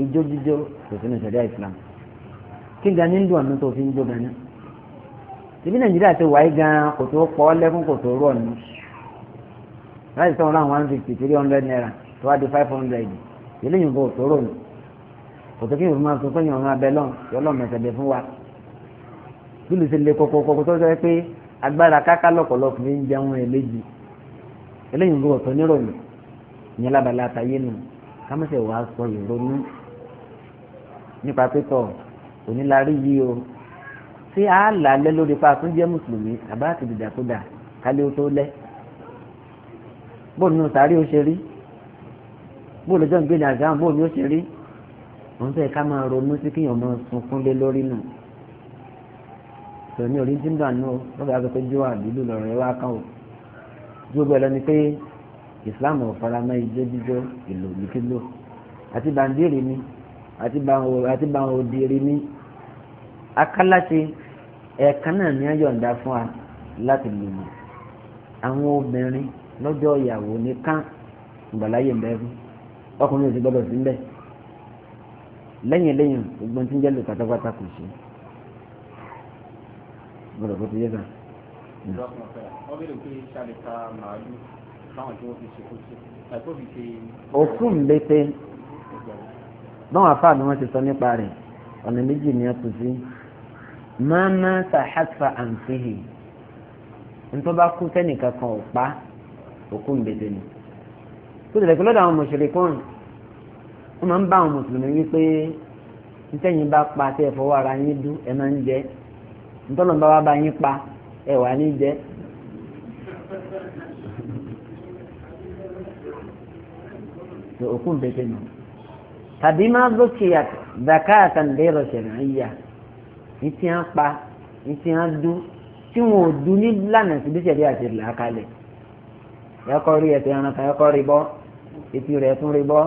ijó jíjó kò sínú ìṣẹ̀dá ìsìlámù kí n ga ní dùn ọ̀nà tó fi ń jó gan náà tìbí nàìjíríà ti wáyé gan kò tó pọ̀ lẹ́kún kò tó rọ̀ nù láti sọ̀rọ̀ àwọn one fifty three hundred naira tó wá di five hundred eléyìí nǹkan kò tó rọ̀ nù kò tó kí yorùbá máa sọ pé yorùbá abẹ lọ́n yọlọ́ mẹsẹ̀dẹ̀ fún wa bílù sí le kókókókó tó sọ pé agbára káká lọ́pọ̀lọpọ̀ ń jẹun eléyìí eléyìí nǹkan kò tó nírọ̀ nù ìyẹn lábàlá àtàyé nù kámẹ́sẹ̀ wàá sọ ìrònú nípa pé onílárí yìí o ṣé a là lẹ lórí pa tó jẹ́ mùsùlùmí àbá àti dìdàkudà kálí ó tó lẹ bóun nù sáré ó ṣe rí bóun lọ́jọ́ ń gbé ní àgbà bóun ni ó ṣe rí òun fẹ́ ká máa ronú sí kíyàn máa sunkún lé lórí nù tòun ní orí tí ń dànù ó lọ́gàá sọ pé jó àdúlù lọ́rọ̀ ẹ wá kàn ó gbogbo ẹ lọ ni pé Islam ò fara mọ́ ijó jíjó ìlò ìkílò àti bàǹdìrì ni àti bàǹdìrì ni akálàṣe ẹ̀ẹ̀kan náà ní ayọ̀ǹda fún wa láti lè mọ̀ àwọn obìnrin lọ́jọ́ ìyàwó nìkan ìgbàláyè ń bẹ́ẹ̀ fún ọkùnrin òsì gbọ́dọ̀ sí ń bẹ́ẹ̀ lẹ́yìn lẹ́yìn gbogbo tí ń jẹ́ lò pátápátá kò sí gbọ́dọ̀ kó ti yé sàn. òkú ń lété báwọn afáàlú wọn ti sọ nípa rẹ̀ ọ̀nà méjì ni a tù sí mọ́mọ́ sàhásà àǹfihì ntọ́ba kú sẹ́nìkan kan ò pa òkú mbẹ́sẹ̀ ni kó tẹ̀lé pé lọ́dọ̀ àwọn mùsùlùmí kan wọ́n máa ń bá àwọn mùsùlùmí wípé ntẹ́yìn bá pa tẹ́ ẹ̀ fọwọ́ ara yín dú ẹ máa ń jẹ ntọ́nà bá wá bá yín pa ẹ wà ní jẹ. òkú mbẹ́sẹ̀ ni tàbí má zókè zakatan lérò ṣẹ̀rẹ̀ yíyá ní tí wọ́n pa ní tí wọ́n dú tí wọn ò dú ní lànà síbi tí ẹ̀dí àti ìlà kalẹ̀ ẹ̀kọ́ rí ẹ̀tẹ̀ ẹranko ẹ̀kọ́ rí bọ́ etí rẹ̀ tún rí bọ́